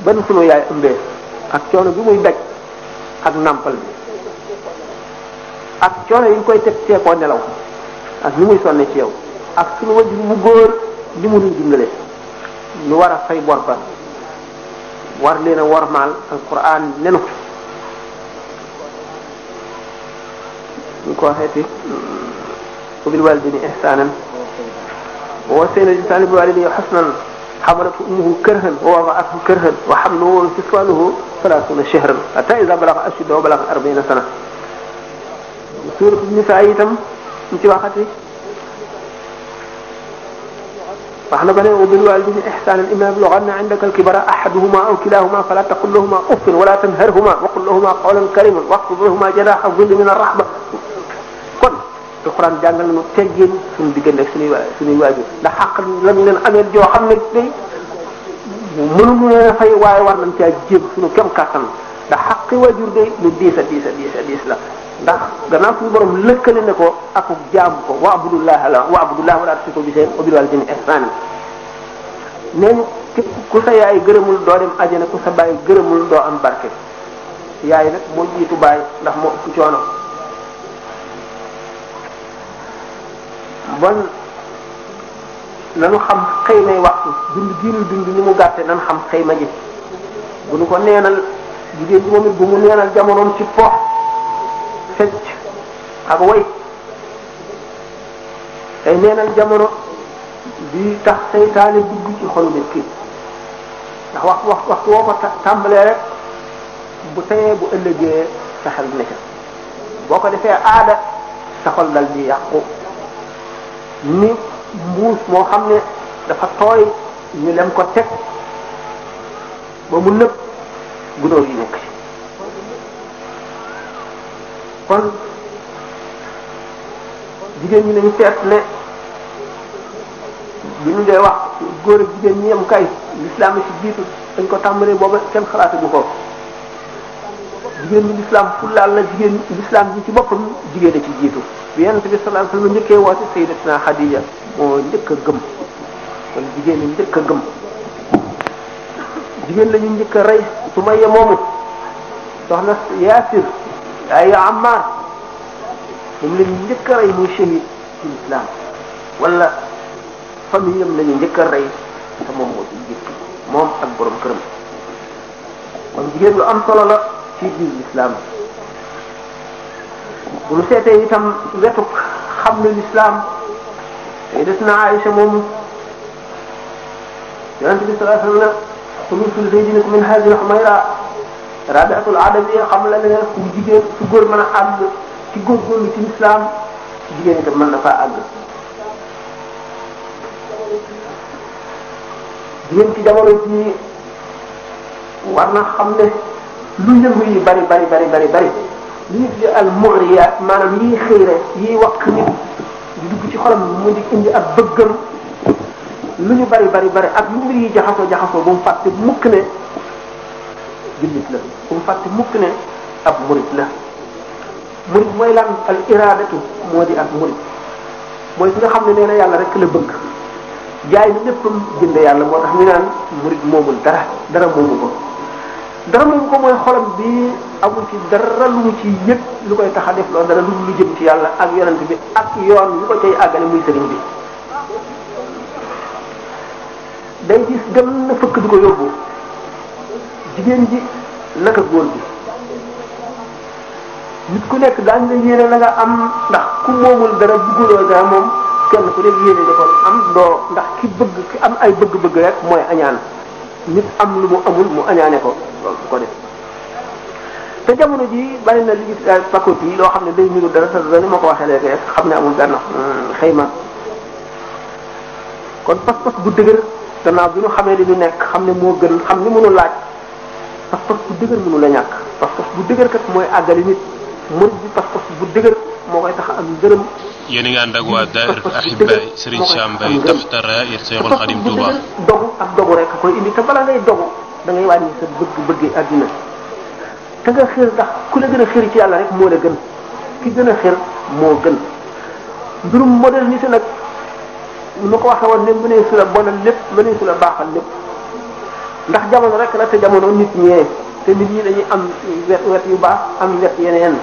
ban sunu yaay ëmbee ak coono bi muy daj ak nàmpal bi ak coono yi ñu koy teg teekoo nelaw ak nu muy sonne ci yow ak sunu wajur mu góor li mu nuy dimbale ñu war a fay bor war leen a wormaal alquran nenu ko ñu ko waxeeti mm, wa bil walidayni ihsanan wa wasayna al-insana bi walidayhi husnan حملته أمه كرها ووضعته كرها وحمله وانفصاله ثلاثون شهرا حتى إذا بلغ أشده وبلغ أربعين سنة سورة النساء itam ñu ci waxati wax na ko ne wa bil walidayni ihsanan imma yablughanna indaka al-kibara ahaduhuma aw kilahuma fala taqul lahuma uffin wala tanharhuma wa qul lahuma qawlan kariman waxfid lahuma janaha dhilli min ar-rahma kon alquran jàngal nañu teggin suñu diggante ak suñuy suñuy waajur ndax xaq lañ leen amee joo xam ne day mënuñu leen a fay waaye war nañ caa jéem suñu kem kàttan ndax xaqi waajur day lu diis a diis a diis a diis la ndax gannaaw suñu borom lëkkale ne ko ak jaamu ko wa abudullah la wa abudullah wala tusiku bi shay'in wa bil walidayni képp ku sa yaay gërëmul doo dem ajana ku sa baay gërëmul doo am barke yaay nag moo jiitu baay ndax moo ëpp coono bon nanu xam xëy nay waxtu dund giinu dund ni mu gàtte nan xam xëy ma ji bu nu ko neenal jigéen ji moom it bu mu neenal jamonoom ci po fecc ak woy day neenal jamono di tax seytaane dugg ci xolu nit ki ndax waxtu waxtu waxtu woo ko tàmbalee rek bu teyee bu ëllëgee sa xel nekk boo ko defee aada saxal xol dal di yàqu ni mbuus moo xam ne dafa tooy ñu lem ko teg ba mu nëb gunóor yi nekk kon jigéen ñi nañu seet ne bi ñu dee wax góor ak jigéen ñi am kay lislaam ci jiitu dañ ko tàmbalee booba kenn xalaatagu ko jigéen ñi lislaam fulaal na jigéen lislaam bi ci boppam jigéen a ci jiitu bi yonent bi sallallahu alayhi wasallam njëkkee woote sayyidatina Xadija moo njëkk a gëm kon jigéen ñi njëkk a gëm jigéen la njëkk a rey su ma yee moomu soxna Yaasir waaye Ammar moom la ñu njëkk a rey muy shahid ci lislaam wala famille am la ñu njëkk a rey te moom moo ci jëkk moom ak borom këram kon jigéen lu am solo la ci biir lislaam bu ñu seetee itam wetuk xam ne lislaam day des na Aïcha moomu yonente bi sallallahu alayhi wa sallam qulutu zaydinakum min hadhihi al-humayra rabiatul adamiya xam la ne ku jigéen su góor mën a àgg ci góorgóorlu ci lislaam jigéen itam mën na faa àgg jigéen ci jamono ji war na xam ne lu yëngu yi bari bari bari bari bari li ñu tuddee al muriyaat maanaam yiy xëyre yiy wakk nit di dugg ci mu di indi ak bëggam lu ñu bari bari bari ak lu mbir yi jaxasoo jaxasoo ba mu fàtte ne jullit la bu mu fàtte mukk ne ab murit la murit mooy lan al iradatu moo di ak murit mooy ki nga xam ne nee na yàlla rek la bëgg jaay na léppam jënd yàlla moo tax ñu naan murit moomul dara dara moomu ko dara moomu ko mooy xolam bi amul ci dara lu mu ci yëpp lu koy tax a def loolu dara lu lu ci yàlla ak yonent bi ak yoon yu ko cay àggale muy sëriñ bi day gis gën na fëkk di ko yóbbu jigéen ji naka góor gi nit ku nekk daañu la yéene la nga am ndax ku moomul dara bugguloo dara moom kenn ku nekk yéene da ko am doo ndax ki bëgg ki am ay bëgg-bëgg rek mooy añaan nit am lu mu amul mu añaane ko loolu ko def te jamono ji bari na li ñu yi loo xam ne day niru dara te dana ma ko waxee léegi rek xam ne amul benn hmm, xëyma kon pas-pas bu dëgër danaa bi ñu xamee li ñu nekk xam ne moo gën xam ne mënu laaj pas-pas bu dëgër mënu la ñàkk pas-pas bu dëgër kat mooy àggali nit murid bi pas-pas bu dëgër moo koy tax am gërëm. yéen a ngi ànd ak waa Daa'iratul Ahibbaay Serigne Sam Mbaye taxta raayat Cheikhul Khadim Touba. dogu ak dogu rek koy indi te bala ngay dogu da ngay wàññi sa bëgg-bëgg àddina te nga xër ndax ku la gën a xër ci yàlla rek moo la gën ki gën a xër moo gën mbirum modernité nag nu ma ko waxee woon ne mëneesu la bonal lépp mëneesu la baaxal lépp. ndax jamono rek la te jamono nit ñee te nit ñi dañuy am wet wet yu baax am wet yeneen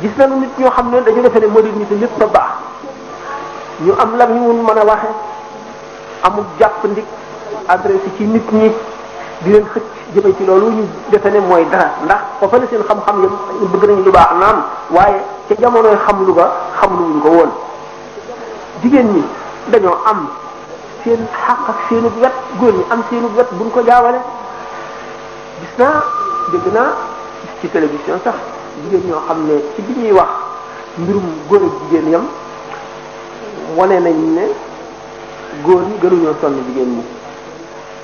gis nañu nit ñoo xam ne dañu defee ne modernité lépp a baax ñu am lam ñu mën a waxe jàpp ndik adressé ci nit ñi di leen xëcc ci loolu ñu defe ne mooy dara ndax ba fa la seen xam-xam yëpp bëgg nañu lu baax naan waaye ca jamono xam lu ba xam lu wuñ ko woon jigéen ñi dañoo am seen xaq ak seenu wet góor ñi am seenu wet buñ ko jaawale gis naa dégg naa ci télévision sax jigéen ñoo xam ne ci bi ñuy wax mbirum góor ak jigéen yam wane nañ ne góor ñi gënuñoo sonn jigéen ñi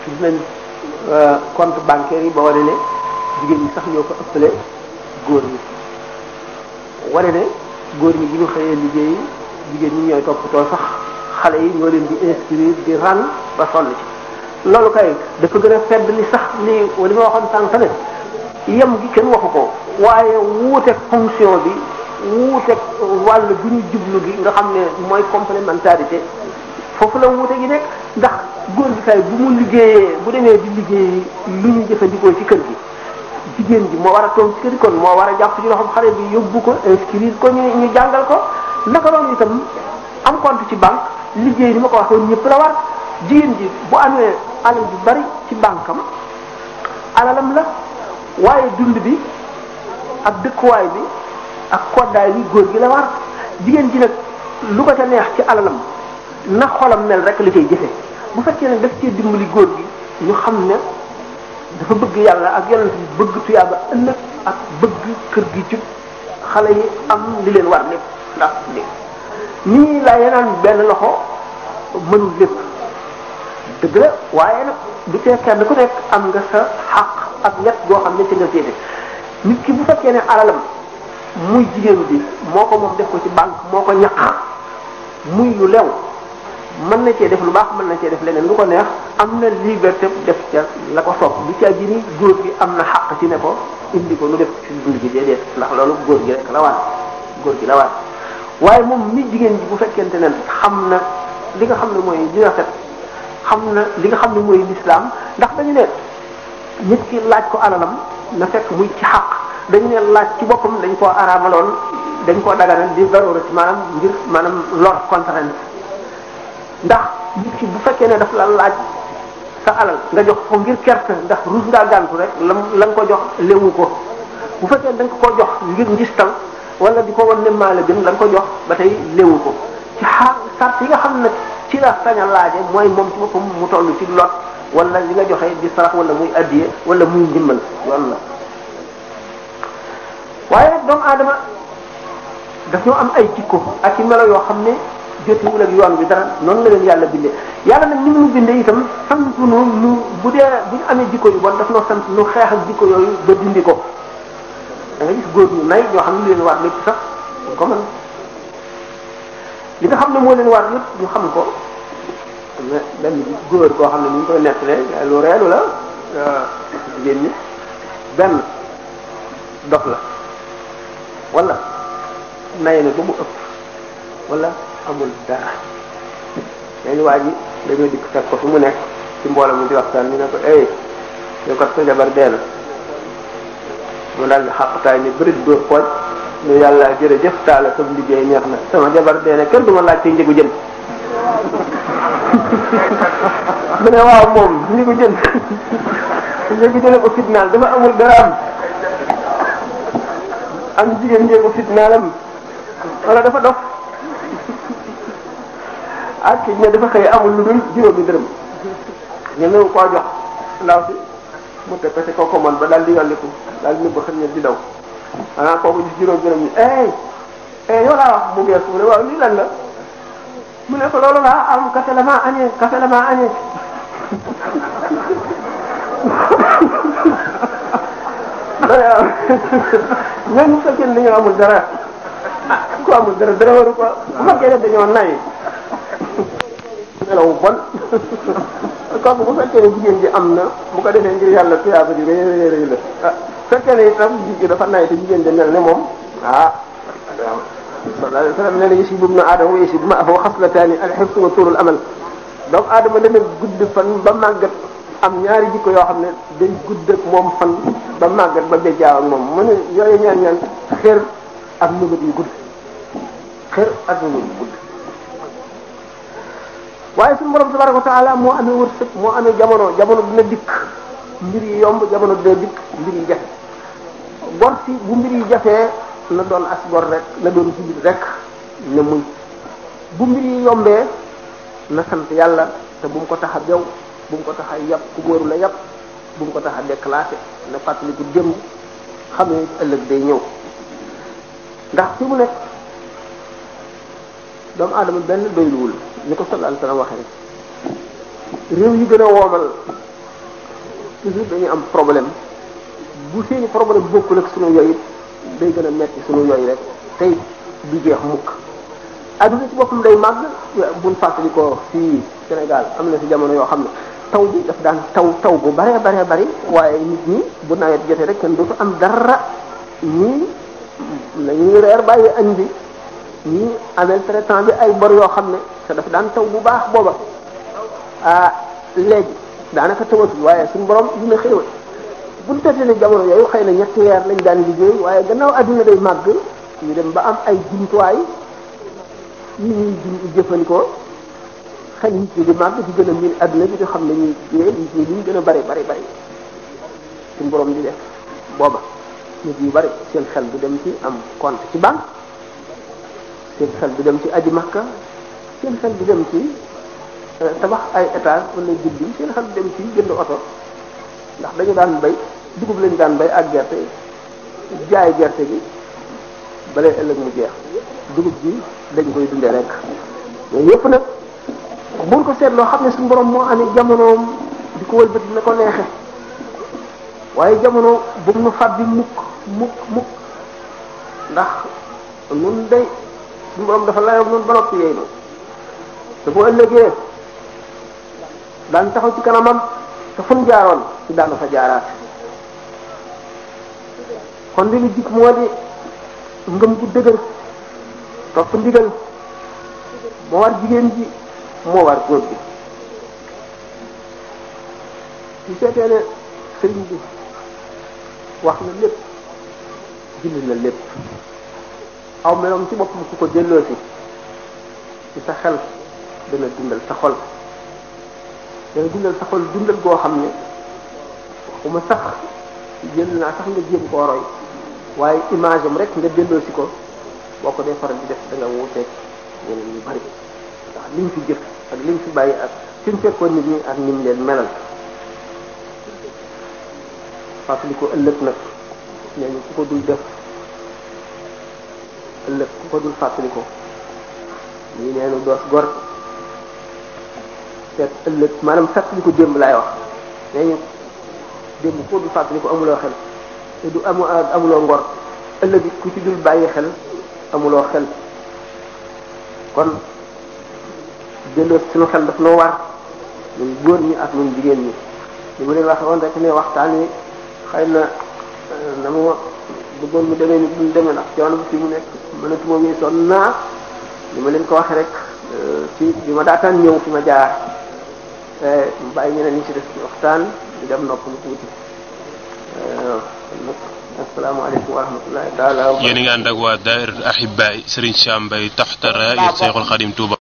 gis nañ euh, compte bancaire yi ba wane ne jigéen ñi sax ñoo ko ëpple góor ñi wane ne góor ñi bu ñu xëyee liggéey jigéen ñi ñooy toppatoo sax xale yi ñoo leen di inscrire di ran ba sonn ci loolu kay dafa gën a fedd li sax li li ma waxoon sànq ne yem gi kenn waxu ko waaye wuute fonction bi wuute wàll bu ñu jublu gi nga xam mooy complémentarité foofu la wuute gi nekk ndax góor gi kay bu mu liggéeyee bu demee di liggéey lu ñu jëfandikoo ci kër gi jigéen ji moo war a toog ci kër kon moo war a jàpp ci loxoom xale bi yóbbu ko inscrire ko ñu ñu jàngal ko naka noonu itam am compte ci banque liggéey li ma ko waxoon ñëpp la war jigéen ji bu amee alal bu bari ci bànkam alalam la waaye dund bi ak dëkkuwaay bi ak koddaay bi góor gi la war jigéen ji nag lu ko ca neex ci alalam na xolam mel rekk li koy jëfe bu fekkee nag daf cee dimbali góor gi ñu xam ne dafa bëgg yàlla ak yonent bi bëgg tuyaaba ëllëg ak bëgg kër gi jub xale yi am li leen war lépp ndax léegi nii laa yenaan benn loxo mënul lépp dëgg la waaye nag du tee kenn ko nekk am nga sa xaq ak ñett goo xam ne ci nga féete nit ki bu fekkee ne alalam muy jigéen bi moo ko moom def ko ci banque moo ko ñaq muy lu lew mën na cee def lu baax mën nañ cee def leneen lu ko neex am na liberté def ca la ko soog lu ca jini góor gi am na xaq ci ne ko indi ko lu def ci góor gi déedéet ndax loolu góor gi rek la waat góor gi la waat waaye moom mi jigéen bu fekkente ne xam na li nga xam ne mooy li rafet na li nga xam ne mooy lislaam ndax dañu ne nit ki laaj ko alalam na fekk muy ci xaq dañu ne laaj ci boppam dañ koo araamaloon dañ koo daganal di darurati maanaam ngir maanaam lor contrainte ndax nit ki bu fekkee ne daf la laaj sa alal nga jox ko ngir kerte ndax ruus ngaa gàntu rek la lañ ko jox léwu ko bu fekkee ne da ko jox ngir ngistal wala di ko wan ne maa la gën la ko jox ba tey léwu ko ci xaar sart yi nga xam ne ci la sañ a mooy moom ci boppam mu toll ci lot wala li nga joxe di sarax wala muy addiye wala muy ndimbal yoon la waaye nag doomu aadama daf ñoo am ay jikko ak ci melo yoo xam ne jotiwul ak yoon bi dara noonu la leen yàlla bindee yàlla nag ni mu bindee itam sant nu nu bu dee bu amee jikko yu bon daf noo sant nu xeex ak jikko yooyu ba dindi ko da nga góor ñu nay ñoo xam ne leen war lépp sax ko mën li nga xam ne moo leen war yëpp ñu xam ko am na benn góor koo xam ne ni ñu koy nettalee lu reelu la jigéen ñi benn dof la wala nay na ba mu ëpp wala amul dara dañu waa ji dañoo dikk fekk ko fi mu nekk ci mbooloo mu di waxtaan ñu ne ko ay yow kat sa jabar dee na mu daal di xàqtaay ni bërit dóor pooj ne yàlla jërëjëf taala sam liggéey neex na sama jabar dee ne kër du ma laaj tey njëgu jën mu ne waaw moom njëgu jën njëgu jëne ko fitnaal dafa amul dara am jigéen njëgu fitnaalam wala dafa dof ak ki ne dafa xëy amul lu dul juróomi dërëm ñemewu koo jox ndaw si mu teg ko ci kooku man ba daal di yolliku daal di nëbb xëy na di daw xanaa kooku ci juróom-juróom yi eh eh yow laa wax mu geesu mu ne waaw lii lan la mu ne ko loolu laa am café la maa añee café la maa añee ñoom bu fekkee dañoo amul dara ku amul dara ko bu fekkee ne dañoo nay nelaw bon kooku bu fekkee jigéen ji am na bu ko defee ngir yàlla tuyaaba ji rëy rëy rëy la fekkee ne i dafa nay te jigéen de mel ne moom ah sallallahu alayhi wa sallam nee na yasibu ibnu aadama wa yasibu maahu xaslataani alxibsu amal doomu aadama dana gudd fan ba màggat am ñaari jikko yoo xam ne day gudd ak moom fan ba màggat ba bejjaaw ak moom mu ne yooyu ñaan ñaan xër ak mëbët yu gudd xër ak mëbët yu gudd waaye suñu borom tabaraka wa moo amee wërsëg moo amee jamono jamono dina dikk mbir yi yomb jamono dina dikk mbir yi gor si bu mbir yi jafee na doon as gor rek na doon jubit rek ne muy bu mbir yi yombee na sant yàlla te bu mu ko tax a bew bu mu ko tax a yàpp ku wóoru la yàpp bu mu ko tax a déclassé na fàttaliku démb xam ne ëllëg day ñëw ndax fi mu nekk doomu aadama benn doyluwul ni ko sallallahu alayhi wasallam waxee réew yi gën a woomal toujours dañuy am problème bu seeni problème bokkul ak sunu yooyu day gën a metti sunu yooyu rek tey du jeex mukk adduna ci boppam day màgg buñ fàttali ko fii Sénégal am na si jamono yoo xam ne taw bi daf daan taw taw bu bare bare bari waaye nit ñi bu nawet jotee rek kenn dootu am dara ñii nañuy reer bàyyi añ bi ñii amel traitement bi ay yoo xam ne daf daan taw bu baax booba ah léegi daanaka tawatul waaye suñu borom dina xéewal bu ñu tëddee ne jamono yooyu xëy na ñetti weer lañ daan liggéey waaye gannaaw adduna day màgg ñu dem ba am ay jumtuwaay ñu ñuy jëfandikoo xel yi ci di màgg di gën a miin adduna bi xam ne ñuy gën a bari bari bari suñu borom di def booba nit yu bari seen xel bu dem ci am compte ci banque seen xel bu dem ci aji makka seen xel du dem ci euh, tabax ay étage wala juddi seen xel du dem ci jënd oto ndax dañu daan bay dugub lañ daan bay ak gerte jaay gerte gi balee ëllëg mu jeex dugub gi dañ koy dunde rek yooyu yëpp nag buñ ko seetloo xam ne suñu borom moo amee jamonoom di ko wëlbati ne ko neexe waaye jamono bu mu fàbbi mukk mukk mukk ndax nun day suñu borom dafa layoon nun ba noppi yooyu noonu te bu ëllëgee daan taxaw ci kanamam te fu jaaroon ci daan fa jaaraat kon li ñu jik moo di ngëm gu dëgër topp ndigal moo war jigéen ji moo war góor bi ñu seetee ne sëriñ bi wax na lépp bind na lépp aw meloom ci boppam ku ko delloo si ci sa xel dana dundal sa xol dana dundal goo xam ni waxuma sax jël naa sax nga jéem koo waaye imagem rek nga delloo si ko boo ko dee faral di def da nga wuuteeg ñeneen ñu bari ndax liñ fi jëf ak liñ fi bàyyi ak fi mu fekkoon nit ñi ak nim leen melal fàttali ko ëllëg nag ñooñu ku ko dul def ëllëg ku ko dul fàttali ko ñii neenu doos gor fekk ëllëg maanaam fàttali ko démb laay wax nee ñu démb ko dul fàttali ko amuloo xel du amu amuloo ngor ëllëg ku ci dul bàyyi xel amuloo xel kon delloo suñu xel daf noo war ñun góor ñi ak ñun jigéen ñi li ma leen wax woon rek ne waxtaan wi xëy na euh, na mu demee ni buñ demee ndax coono bi mu nekk mënatuma wii sonn naa li ma leen ko waxee rek euh, ci ma daataan ñëw fi ma jaar te mu bàyyi ñeneen ñi ci def ci waxtaan di dem nopp mu tuuti asalaamaaleykum wa rahmatullahi taala yéen a ngi ànd ak waa daayira Ahibaay Serigne Sam Mbaye taxta raaya Seexul Xadim Touba